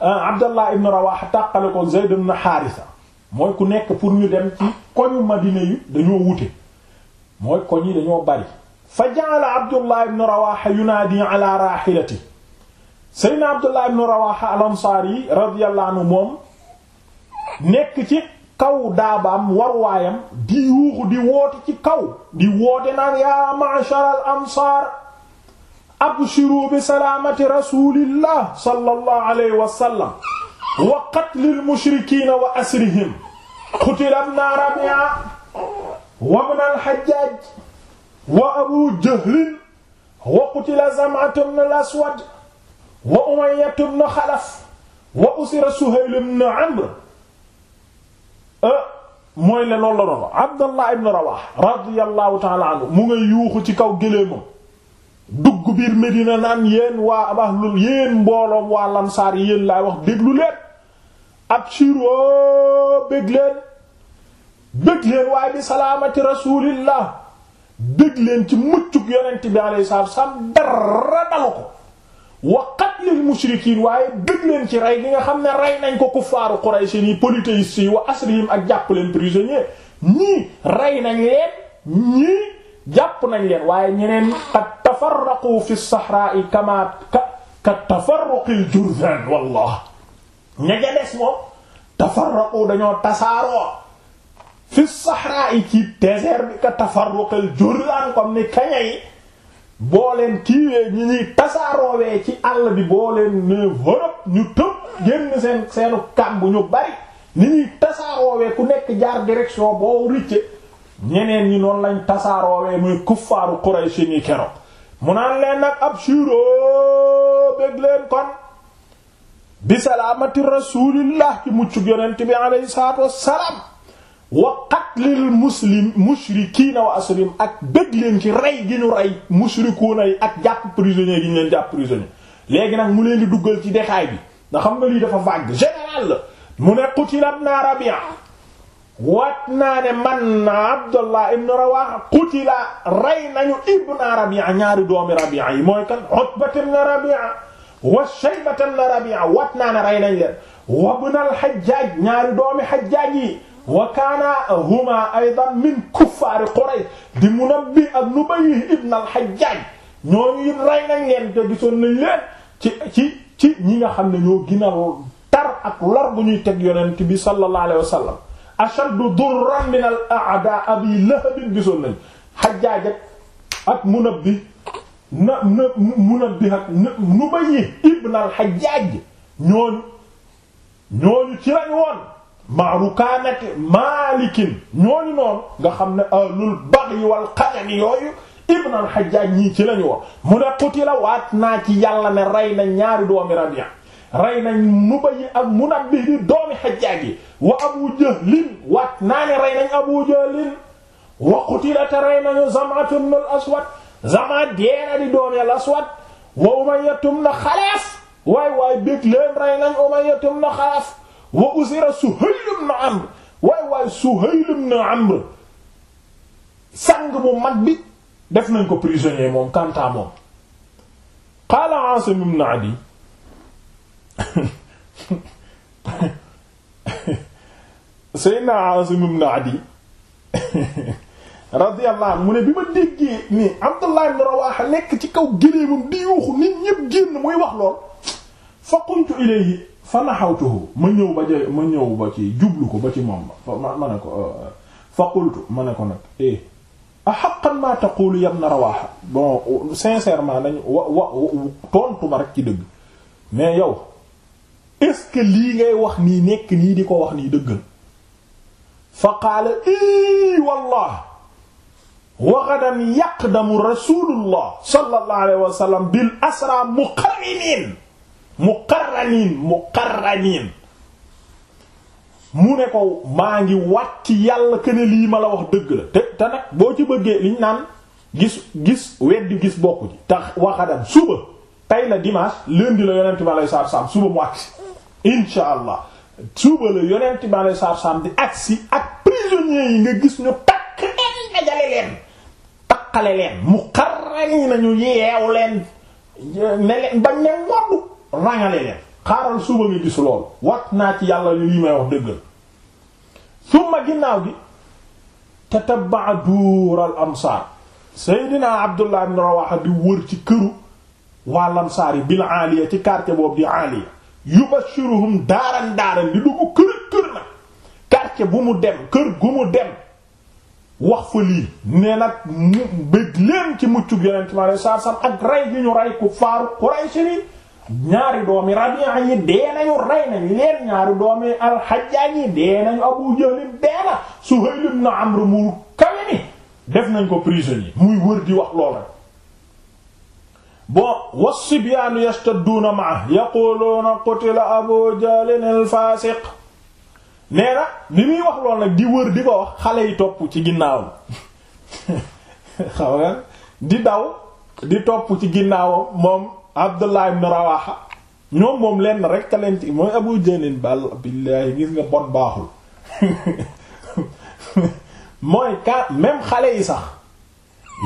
euh, abdullah ibn rawaxa tàqale ko zayd ibn xaarisa mooy ku nekk pour ñu dem ci koñu madina yi dañoo wute mooy koñ yi dañoo bari fa ja'ala abdullah ibn rawaxa yunaadi ala raxilati seydna abdullah ibn rawaxa al ansaari radiyallahu anhu moom nekk ci kaw daabaam warwaayam di yuuxu di woote ci kaw di woote naan yaa ma'shar al ansaar abshiru bi salaamati rasulillah sallallahu alayhi wa sallam wa qatlil mushrikiina wa asrihim qutila ibn rabi'a wa ibn al hajjaj wa abu jahl wa qutila zam'atu ibn al aswad wa umayyatu ibn xalaf wa usira suhayl ibn amr Euh, mooy ne loolu la doon Abdallah ibn Rawah radiyallahu ta'ala anhu mu ngay yuuxu ci kaw géléemam dugg biir Medina naan yéen waa ahlul yéen mbooloom waa lansaar yi yéen laay wax déglu leen abshiro oh, bég leen bég leen waaye bi salaamati rasulillah bég ci muccuk yonent bi alayhi salaam dara dalu ko wa qatlil mushrikiin waaye dëgg leen ci rey li nga xam ne rey nañ ko kuffaaru Quraysh yi polythéistes yi wa asrihim ak jàpp leen prisonnier ñii rey nañ leen ñii jàpp nañ leen waaye ñeneen qad tafarraqu fi sahraa'i kama ka tafarruqil jurdaan wallah ña ja des moom tafarraqu dañoo tasaaroo fi sahraa'i ci désert bi ka tafarruqil jurdaan comme ni kaña yi boo leen kiiwee ñi ñuy tasaaroowee ci àll bi boo leen hërëb ñu tëb génn seen seenu kàmb ñu bari ñi ñuy tasaaroowee ku nekk jaar direction boo ricce ñeneen ñi noon lañ tasaaroowee muy kuffaaru Quraysh ni keroog mu naan leen nag ab siiroo bég leen kon bi salaamati rasuulillah ci muccu yonent bi alayhi salaatu wassalaam wa qatlil muslim mushrikiina wa asrim ak bëgg leen ci rey gi ñu rey mushrikuuna ak jàpp prisonnier gi ñu leen prisonnier léegi nag mu leen di duggal ci détail bi nga xam nga lii dafa vague général la mu ne qutila ibn Rabi'a waat naa ne man Abdullah ibn Rawaha qutila rey nañu ibn Rabi'a ñaari doomi Rabi'a yi mooy kan Utba ibn Rabi'a wa Shayba ibn naa ne rey nañ leen wa ibn al-Hajjaj ñaari doomi Hajjaj wa kaana huma aydan min kuffaari Quraysh di Munabbi ak Nubayh ibn al-Hajjaj ñooñu it rey nañ leen te gisoon nañ leen ci ci ci ñi nga xam ne ñoo gën a tar ak lor bu ñuy teg yonent bi sallallahu alayhi wa sallam ashaddu durran min al a'da abi lahab gisoon nañ Hajjaj ak Munabbi na na Munabbi ak Nubayh ibn al-Hajjaj ñooñu ñooñu ci lañ woon maarukaanati maalikin ñooñu noonu nga xam ne ahlul baghi wal qadami yooyu ibn al hajjaj ci lañu wax mu ne qutila waat naa ci yàlla ne rey nañ ñaari doomi rabia rey nañ nubayyi ak munabbi di doomi hajjaj wa abu jahlin waat naa ne rey nañ abu jahlin wa qutila te rey nañu zam'atu ibn al aswad zama deena di doomi aswad wa umayyatum na xaleef waay waay bég rey nañ umayyatum na xaleef wa usira Suhayl ibn Amr waay waay Suhayl ibn Amr sang bu mag bi def nañ ko prisonnier moom kantaa moom qaala Asim ibn Adi Seydina Asim ibn Adi radiyallahu anhu mu ne bi ma déggee ni Abdullah ibn Rawaha nekk ci kaw géléemam di yuuxu nit ñépp génn muy wax lool fa qumtu ilayhi fa naxawtuhu ma ñëw ba je ma ñëw ba ci jublu ko ba ci moom ba ma ne ko euh, fa qultu ma ne ko nag eh a haqqan ma taqulu ya ibn Rawaha bon sincèrement dañ wa wa tontu ma rek ci dëgg mais yow est-ce que lii ngay wax nii nekk nii di ko wax nii dëggal fa qaala i wallah wa ghadan yaqdamu rasulullah sallallahu alayhi wa sallam bil asra muqarrinin muqarraniin muqarraniin mu ne ko maa ngi ci yàlla këne lii ma la wax dëgg la te te nag boo ci bëggee liñ naan gis gis weddi gis bokku ci tax waxadam suba tey la dimanche di la yonent bi alei satu salaam suba mu agsi insha allah suba la yonent bi alei satu salaam di agsi ak prisonniers yi nga gis ñu takk leen takkale leen mu nañu yeew leen ne leen bañ ne moddu rangale leen xaaral suba nga gis lool wat naa ci yàlla li may wax dëggal summa ginnaaw gi tatabaa amsaar seydinaa abdullah ibn rawaha di wër ci këru waa lamsaar yi bil ci quartier boobu di aaliya yubashiruhum daaran daaran di dugg kër kër nag quartier bu mu dem kër gu mu dem wax fa lii ne nag bëgg leen ci muccug yonent mi alayhi salaam ak rey gi ñu rey ku faaru Quraysh ñaari doomi Rabi'a yi dee nañu rey nañ leen ñaari doomi al-Hajjaj yi dee nañu Abu Jahl dee na Suhayl ibn Amr mu kawe ni def nañ ko prisonnier muy wër di wax loola bon wax si yastadduuna ma'a yaquluuna qutila Abu Jahl al-fasiq nee na li muy wax lool nag di wër di ko wax xale yi topp ci ginnaaw [laughs] xaw nga di daw di topp ci ginnaaw moom Abdullah ibn Rawaha ñoom moom lenn rek ca leen mooy Abu Jahlin bal billaahi gis nga bon baaxul [laughs] mooy ka même xale yi sax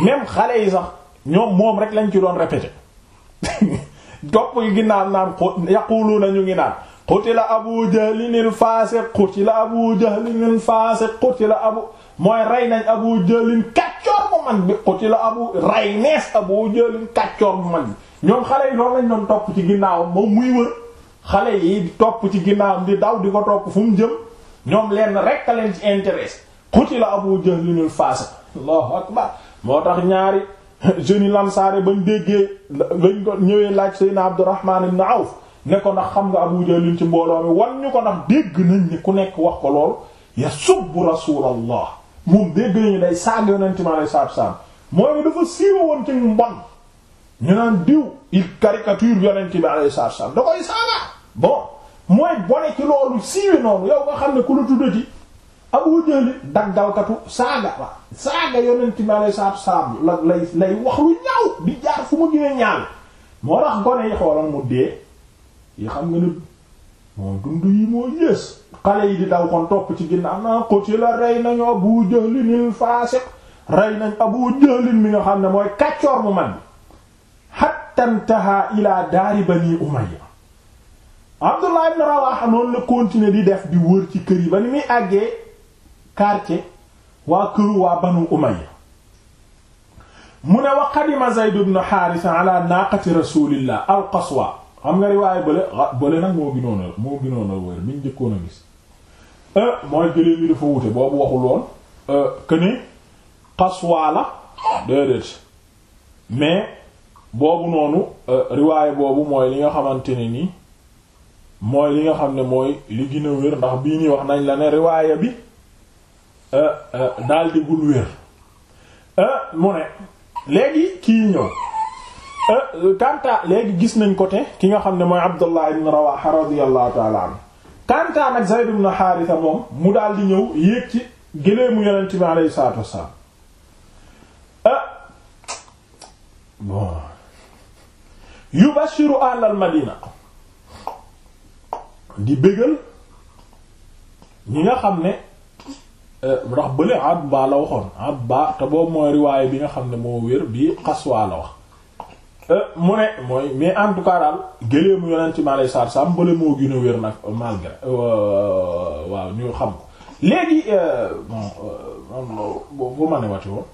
même xale yi sax ñoom moom rek lañ ci doon répété [laughs] topp gi ginnaaw naan yaquluuna ñu ngi naan qutila Abu Jahlin al-fasiq qutila Abu Jahlin al-fasiq qutila Abu mooy rey nañ Abu Jahlin kàccoor bu mag bi qutila Abu rey nees Abu Jahlin kàccoor bu mag bi ñoom xale yi loolu lañ doon topp ci ginnaaw moom muy wër xale yi topp ci ginnaawam di daw di ko topp fu mu jëm ñoom leen rek a leen ci intérêt qutila Abu Jahlul faasiq Allahu akbar moo tax ñaari [laughs] jeunes lamsaare bañ déggee lañ ko ñëwee laaj Seydina Abdurrahman ibn Awf ne ko ndax xam nga Abu Jahlin ci mbooloo mi wan ñu ko ndax dégg nañ ni ku nekk wax ko lool yasubbu rasulallah moom dégg nañu day saaga yonent mi alayhi salaatu wa salaam mooy dafa ñu naan diw il caricature bi yonent bi alayhi salaatu wasallam da koy saaba bon mooy bone ci loolu siiwe noonu yow nga xam ne ku la tuddati Abu Jahl daggalkatu saaga wa saaga yonent bi alayhi salaatu wasallam la lay lay wax lu ñaaw di jaar fu mu gën a moo tax gone yi xoolal mu dee yi xam nga ne moo dund yi moo yées xale yi di daw kon topp ci ginnaaw naa côté la rey nañu Abu Jahl nil faasiq rey nañ Abu Jahl mi nga xam ne mooy kàccoor mu man tantaha ila daari bani umayya abdullah ibn rawaha noonu la continuer di def di wër ci kër yi ba ni muy àggee quartier waa këru waa banu umayya mu ne wa qadima zayd ibn haarisa ala naaqati rasulillah al qaswa xam nga riwaaye bële bële nag moo ginoon moo ginoon wër miñ njëkkoon a gis euh, mooy jëlee yi dafa wute boobu waxul woon euh, que ne qaswa la déedéet mais boobu noonu euh, riwaay boobu mooy li nga xamante ne nii mooy li nga xam ne mooy li gën a wér ndax bii ñuy wax nañ la ne riwaaya bi euh, euh, daldi gul wér mu ne léegi kii ñëw kanta léegi gis nañ côté ki nga xam ne mooy Abdullah ibn Rawaha radiyallahu ta'ala anhu kanta nag Zayd ibn Haritha moom mu daldi ñëw yéeg ci gëleemu Yonent bi alayhi salaatu wassalaam bon yubashiru ahlal madina di bégal ñi nga xam ne euh, ndax bële abba la waxoon abba te boobu mooy riwaay bi nga xam ne moo wér bii xaswaa la wax euh, mu ne mooy mais en tout cas daal gëleemu saar saam bële moo gën a wér nag malgré euh, waaw ñu xam ko léegi bon ma ne wati woon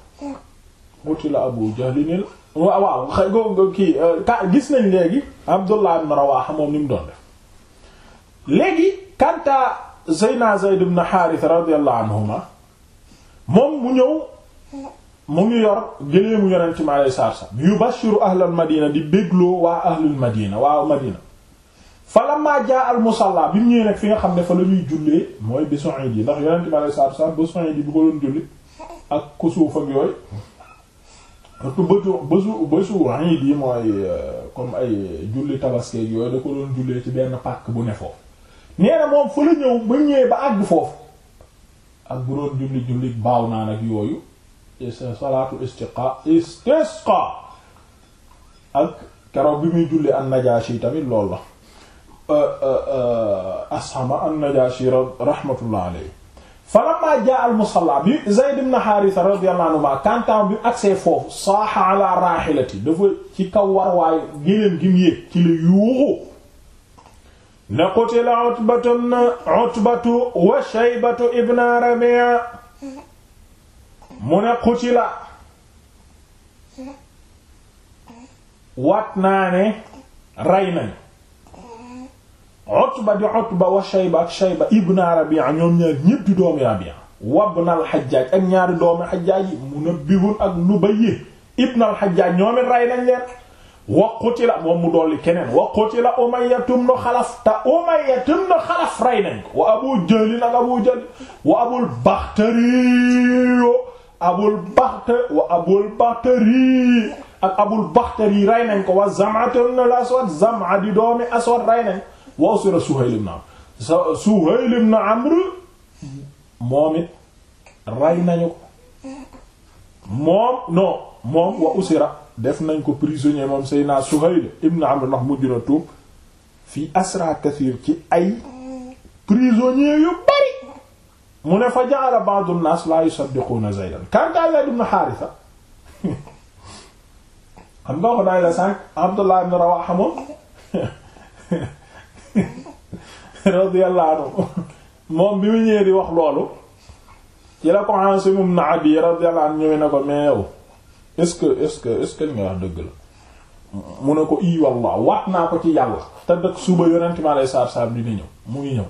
wuti la abu jahlinil waaw waaw xëy euh, gis nañ léegi Abdullah ibn Rawaha moom ni mu doon def léegi kanta Zeyna Zayd ibn Harith radiyallahu anhuma moom mu ñëw mu ngi yor géléemu yonent mi alayhi salaatu wasallam yubashiru ahlal madina di bégloo bi mu ñëwee nag fi nga xam ne fa la ñuy jullee mooy bi yi ndax yonent mi alayhi salaatu wasallam ba yi bu ko doon julli ak kusuuf ak yooyu parce que bëtu bësu bësu iid yi mooy euh, comme ay julli tabaskeeg yooyu da ko doon jullee ci benn pàkk bu ne foofu nee moom fa la ñëw ba ñëwee ba àgg foofu ak bu doon julli julli baaw naa nag yooyu salaatu istiqa istisqa ak keroog bi muy julli an najashi tamit lool la euh, euh, ashama an najashi rahmatullah alayhi falamma jaa al musalla bi Zayd ibn Haarisa radiyallahu anhu ma kantaan bi agsee foofu saaxa ala raaxilati dafa ci kaw war waaye géléem gi mu yéeg ci la yuuxu ne qutila Utbatu na Utbatu wa Shaybatu ibn Rabi'a mu ne qutila wat naa ne rey nañu Utba di Utba wa Shayba ak Shayba ibn Rabi'a ñoom ñaar ñépp di doomi Rabi'a wabna al-Hajjaj ak ñaari doomi Hajjaj yi Munabbih ak Nubayy ibn al-Hajjaj ñoom it rey nañ leen wa qutila moom mu dolli keneen wa qutila Umayya ibn Khalaf te Umayya ibn Khalaf rey nañ ko wa Abu Jahl ak Abu Jahl wa Abul Bakhtari Abul Bakhtari wa Abul Bakhtari ak Abul Bakhtari rey nañ ko wa Zam'a ibn al-Aswad Zam'a di doomi Aswad rey nañ wa usira Suhayl ibn Amr Suhayl ibn Amr moom it rey nañu ko moom non moom wa usira def nañ ko prisonnier moom Seydina Suhayl ibn Amr ndax mujj na tuub fii asra kathir ci ay prisonnier yu bari mu ne fa ja'ala ba'du an-nas la yusaddiquna Zaydan kantaa Zayd ibn Haarisa xam nga ko daay la sànq Abdullah ibn Rawaha moom [laughs] [laughs] radiyallahu anhu moom bi mu ñëwee di wax loolu ci la ko Aasim ibn Abi radiyallahu anhu ñëwee na ko mais yow est-ce que est-ce que est-ce que wax dëgg la mu ne ko i wallah waat naa ko ci yàlla te dëkk suba yonent mi alayhi salaatu salaam dina ñëw mu ngi ñëw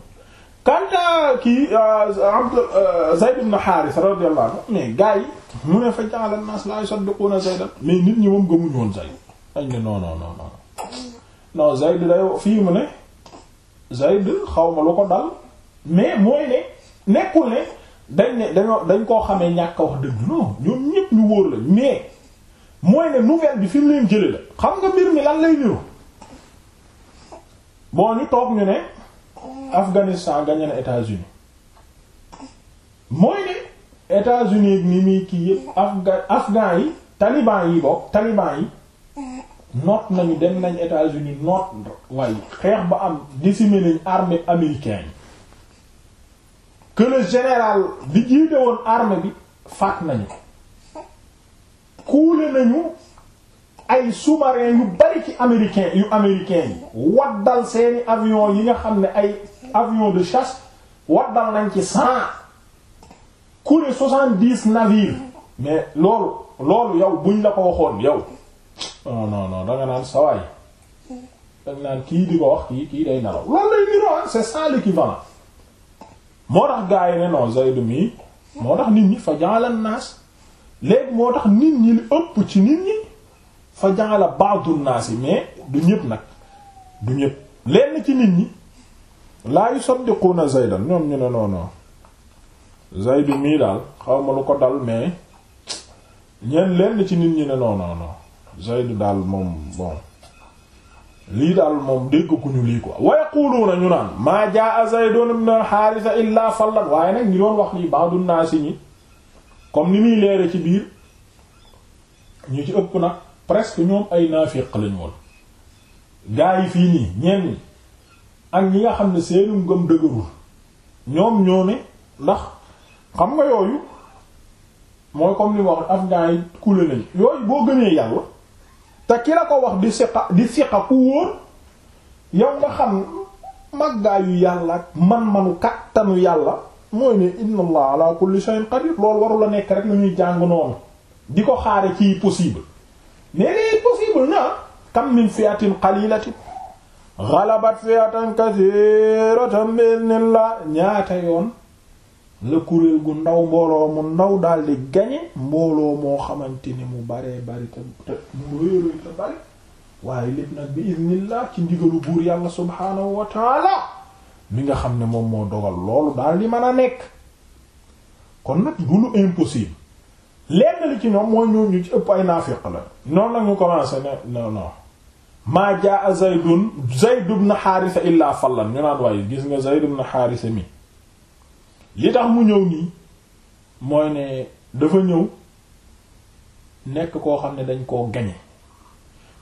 kanta kii euh, Abd euh, Zayd ibn Haaris radiyallahu anhu mais gars yi mu ne fa ja'ala an-naas laa yusaddiquuna Zaydan mais nit ñi moom gëmuñu woon Zayd dañ ne non non non day fii mu ne Zayd xaw ma lu ko dal mais mooy ne nekkul ne dañ ne dañ koo xamee ñàkk wax dëgg non ñoom ñépp ñu wóor la mais mooy ne nouvelle bi fi mu leen jëlee la. xam nga mbir mi lan lay niru bon ñu toog ñu ne Afghanistan gagné na États-Unis mooy ne États-Unis ni muy kii afghan afghan yi taliban yi bokk taliban yi. noot nañu dem nañu États-Unis noot waaye xeex ba am décimé nañ américain américaine que le général bi jiite woon armée bi faat nañu kuule nañu ay sous-marins yu bari ci américain yu américain yi waddal seeni avion yi nga xam ne ay avion de chasse waddal nañ ci cent kuule soixante-dix navires mais loolu loolu yow buñ la ko waxoon yow non non non danga naan sawaay danga naan kii di ko wax kii kii day nelaw loolu lay niroo ah, c'est ça l'équivalent moo tax gaa yi ne non Zayd moo tax nit ñi fa ja'ala naas léegi moo tax nit ñi li ëpp ci nit ñi fa ja'ala ba'du naas yi mais du ñëpp nag du ñëpp lenn ci nit ñi laa yusaddiquna Zaydan ñoom ñu ne non non Zayd mii daal xaw ma lu ko dal mais ñeen lenn ci nit ñi ne non Zayd daal moom bon lii daal moom dégg ku ñu lii quoi wa yaquluuna ñu naan maa jaa Zaydun ibn al-Haarisa illaa fallan waaye nag ñi doon wax lii ba'du naasi ñi comme ni muy leere ci biir ñu ci ëpp nag presque ñoom ay naafiq lañ woon gaa yi fii nii ñenn ak ñi nga xam ne seenum gëm dëgërul ñoom ñoo ne ndax xam nga yooyu mooy comme li wax afghan yi kule lañ yooyu boo gëmee yàlla te ki la ko wax di siqa di siqa ku wóor yow nga xam màggaayu yàlla man-manu kàttanu yàlla mooy ne inna allah ala kulli shay'in qadir loolu waru nekk rek lu ñuy jàng noonu di ko xaare ci possible mais les possible na kam min fi'atin qalilatin ghalabat fi'atan kathiratan bi idnillah ñaata yoon la kuréel gu ndaw mbooloo mu ndaw daal di gañe mbooloo moo xamante ni mu baree bari te mu rëy rëy te bari waaye lépp nag bi iznillah ci ndigalu buur yàlla subhaanahu wa taala mi nga xam ne moom moo dogal loolu daal di mën a nekk kon nag du lu impossible lenn li ci ñoom mooy ñu ñu ci ëpp ay naafiq la noonu nag ñu commencé ne non non maa jaa Zaydun Zayd ibn Haarisa illaa fallan ñu naan waaye gis nga Zayd na Haarisa mi li tax mu ñëw nii mooy ne dafa ñëw nekk koo xam ne dañ koo gañe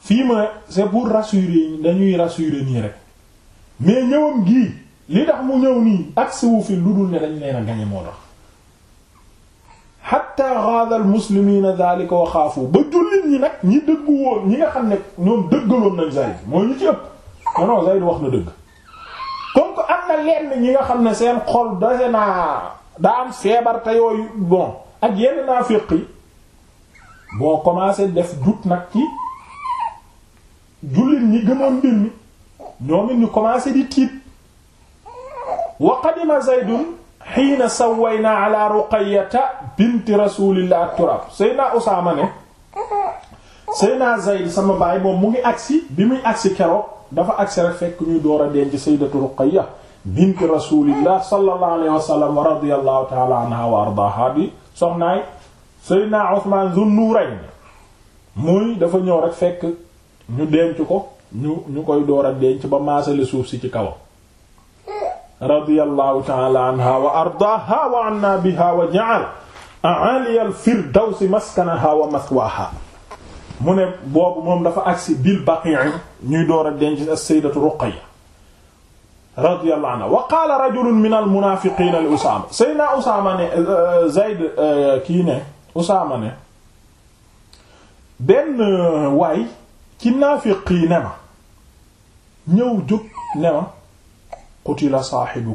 fii ma c'est pour rassurer dañuy rassurer nii rek mais ñëwam gii li tax mu ñëw nii agsi wu fi lu dul ne dañ leen a gañe moo tax xatta gaada al muslimiina daalika xaafu ba jullit ñi nag ñi dëggu woon ñi nga xam ne ñoom dëggaloon nañ Zayd mooy ñu ci ëpp non non Zayd wax na dëgg ñenn ñi nga xam ne seen xol dase naa daa am feebar te yooyu bon ak yenn naa féq yi boo commencé def dut nag ci jullit ñi gëmoon mbir mi ñoomit ñu commencé di tiit wa qadima zaydun xiina sawaynaa ala ruqayata binti rasulillah turab sayna usaama ne sayna zayd sama baay moom mu ngi agsi bi muy agsi keroog dafa agsi rek fekk ñuy door a denc sayyidatu ruqayya bint rasulillah sallallahu alayhi wa sallam wa radiyallahu ta'ala anha wa ardaha bi soxnaay Seydina Usman Zun Nurayn muy dafa ñëw rek fekk ñu denc ko ñu ñu koy door a denc ba maasale suuf si ci kawam radiyallahu ta'ala anha wa ardaha wa anna biha wa ja'ala a'aliya al-firdawsi maskanaha wa mathwaha mu ne boobu moom dafa agsi bil baqi'i ñuy door a denc as-sayyidatu Ruqayya radiyallahu anhu wa qaala rajulun min al munaafiqiina li Usaama Seydina Usaama ne euh, euh, Zayd euh, kii ne Usaama ne benn waay ci naafiqi ne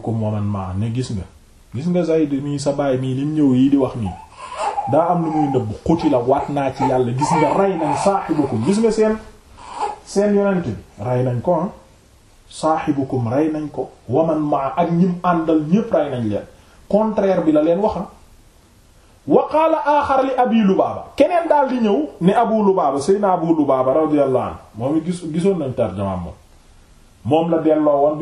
wa man ma ne gis nga gis nga Zayd mii sa baay mii lim ñëw yi di wax nii daa am lu muy nëbb qutila wat naa ci yàlla gis nga rey nañ saahibukum gis nga seen saaxibukum rey nañ ko waman maa ak ñim àndal ñépp rey nañ leen contraire bi la leen waxam ah. wa qaala aaxar li abi lubaaba keneen daal di ñëw ne abu lubaaba seyna abu lubaaba radiyallahu anhu moom gis gisoon nañ tarjumaam moom la delloo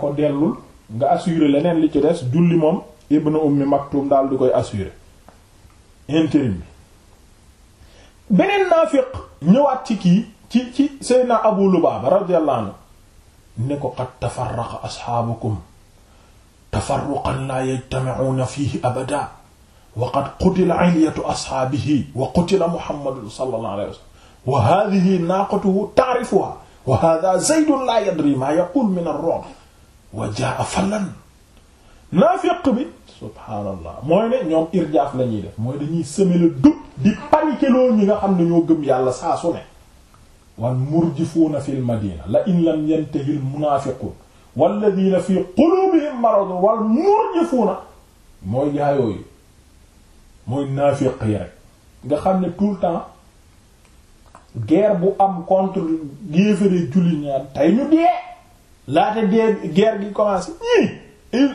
ko dellul nga assuré leneen li ci des julli moom ibnu ummi maktum daal di koy assuré intérim bi beneen ñëwaat ci kii ci ci seyna abu lubaaba radiyallahu anhu ne ko qad tafarraqa asxaabukum tafarruqan laa yajtamicuuna fiihi abada wa qad qutila iliyatu asxaabihi wa qutila muhammadun sallallahu alayhi wa sallam wa haadihi naaqatuhu taarifuha wa haadaa zaydun laa yadri maa yaquul min ar-ru'b wa jaa'a fallan naafiq bi subhaanallah mooy ne ñoom irjaaf la ñuy def mooy dañuy semer le doute di paniquer loo ñi nga xam ne ñoo gëm yàlla saa su ne wal murjifuuna fil madina la in lam yantahi al munaafiquun walladina fi quluubihim maradun wal murjifuuna mooy gaa yooyu mooy naafiq yi rek nga xam ne tout le temps guerre bu am contre géefare julli ñaan tey ñu dee laata dee guerre gi commencé ñii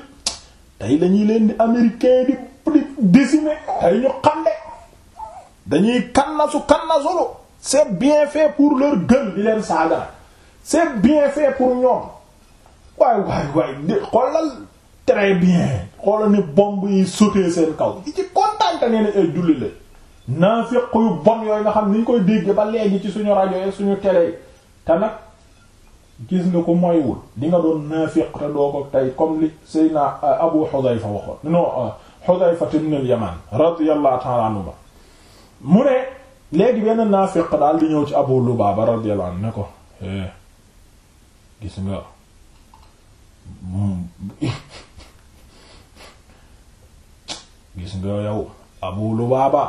tey dañuy leen di américain di di décimer tey ñu xam ne dañuy kannasu kannasulu c'est bien fait pour leur gueule di leen saaga c'est bien fait pour ñoom waay waay waay xoolal très bien xoolal ni bomb yi sauté seen kaw di ci kontaan te nee nañ ay eh, julli la naafiq yu bon yooyu nga xam ni ñu koy dégg ba léegi ci suñu rajo yi suñu télé tana gis nga ko moywul di nga doon naafiq te doo ko tey comme li Seydina eh, Abu Hudayfa waxoon non eh, Hudayfa ibn al-Yaman radiyallahu ta'ala anhu mu ne léegi benn naafiq daal di ñëw ci Abu Lubaaba radiyallahu anhu ne ko eh, gis nga [laughs] gis nga yow Abu Lubaaba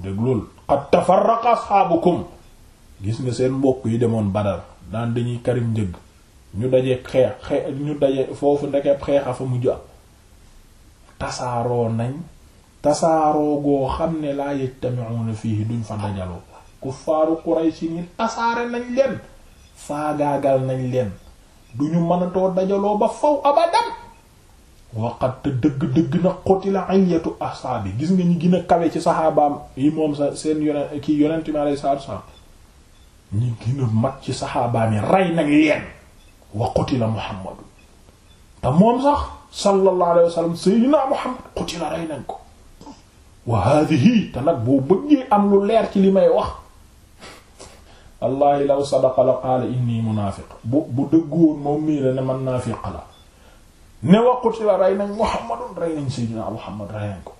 déglul qad tafarraqa ashaabukum gis nga seen mbokk yi demoon Badar daan dañuy karim njëg ñu daje xeex xeex ñu daje foofu ndekeb xeexa fa mujj am tasaaroo nañ tasaaroo goo xam ne laa yajtami'una fiihi duñ fa dajaloo kuffaaru Qurayshi ni tasaare nañ leen faagaagal nañ leen duñu mënatoo dajaloo ba faw abadan waqat te dëgg-dëgg na qutila ayatu ashaabi gis nga ñi gën kawe ci saxaabaam yi moom sa seen yonent kii yonent mi alayhi ci saxaabaam yi rey nañ leen wa qutila Muhammadu te moom sax sallallahu alayhi wa sallam sayyidina Muhammad qutila rey nañ ko wa haadihi te nag boo am lu leer ci li may wax wallahi law sadaqa la qaala inni munaafiq bu bu dëggoon moom mii la ne man naafiq la ne waqut la rey nañ muhammadun rey nañ sayyidina muhammad rey nañ ko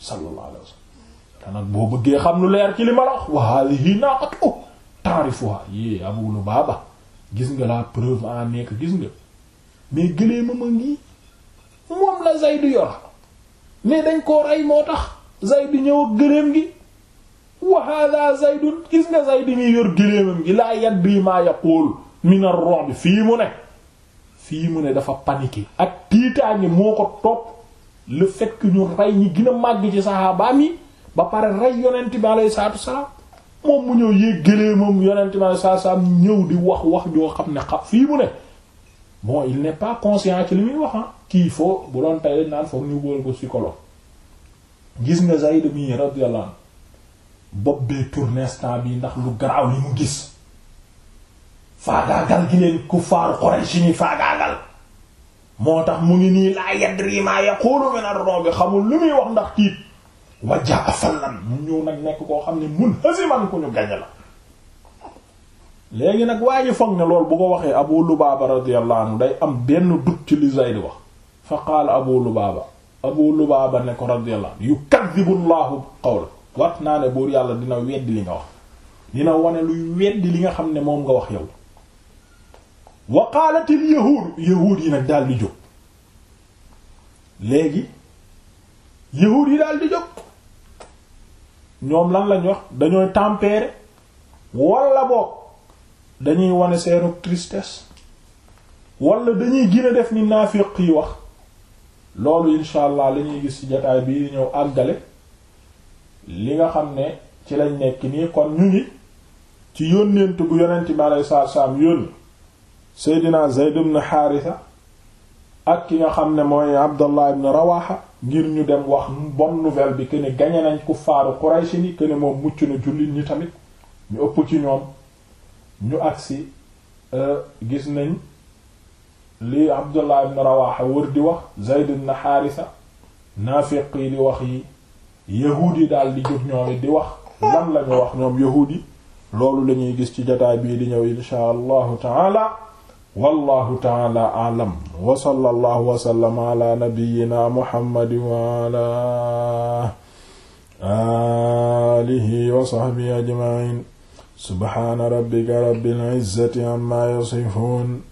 sallallahu alayhi wa sallam te nag boo bëggee xam lu leer ci li ma la wax wa haadihi naaqatu ta'rifuha yée Abu Lubaaba gis nga la preuve en nekk gis nga mais gëlee ma ma ngi moom la Zayd yor mais dañ koo rey moo tax Zayd bi ak gëléem gi wa hada Zaydun gis nga Zayd mi yor gëléemam gi laa yadri maa yaqul min ar-ru'b fii mu ne fii mu ne dafa paniqué ak tiitaange moo ko topp le fait que ñu rey ñi gën a màgg ci saxaabaam yi ba pare rey yonent bi alayhi salaatu wasalaam moom mu ñëw yéeg gëléemam yonent bi alayhi salaatu wasalaam ñëw di wax wax joo xam ne xam fii mu ne bon il n'est pas conscient li muy wax ah kii foo bu doon tey naan foog ñu wóor ko psychologue gis nga Zayd mi radiyallahu anhu bopp bee tourné bi ndax lu garaaw li mu gis faagaagal gi leen kuffaaru Quraysh ni faagaagal moo tax mu ngi nii laa yadri ma yaqulu min ar-ru'b xamul lu muy wax ndax tiit wajaa fallan mu ñëw nag nekk koo xam ne munhasiman ku ñu gañe la léegi nag waa ji foog ne lool bu ko waxee Abu Lubaaba radiyallahu anhu day am benn dut ci li Zayd wax fa qaala Abu Lubaaba Abu Lubaaba ne ko yu radiyallahu yukaddibu Allahu qawla wat naa ne buur yàlla dina weddi li nga wax dina wane luy weddi li nga xam ne moom nga wax yow wa qaalatil yahuud yi nag daal di jóg léegi yahuud yi daal di jóg ñoom lan lañ wax dañooy tempérer wala boog dañuy wane seenu tristesse dañuy gën def ni naafiq yi wax loolu incha allah la ñuy gis ci jotaay bii ñëw àggale li nga xam ne ci lañ nekk nii kon ñu ngi ci yónnent bu yonent bi aleyhi salaatu salaam yónn Seydina Zayd ibn ak ki nga xam ne mooy Abdallah ibn Rawaha ngir ñu dem wax bonne nouvelle bi que ne gañe nañ ku faaru Quraysh ni que moom mucc na jullit ñi tamit ñu ëpp ci ñoom ñu agsi euh, gis nañ li Abdullah ibn Rawaha wër di wax Zayd ibn Haarisa naafiq yi di wax yi yahuud daal di jóg ñoom it di wax lan lañu wax ñoom yahuud loolu la gis ci jotaay bii di ñëw inshaa allahu taala wallahu taala aalam wa sallallahu wa sallama ala nabiyyina muhammadin wa ala alihi wa sahbihi ajma'in subhana rabbika rabbil izzati amma yasifun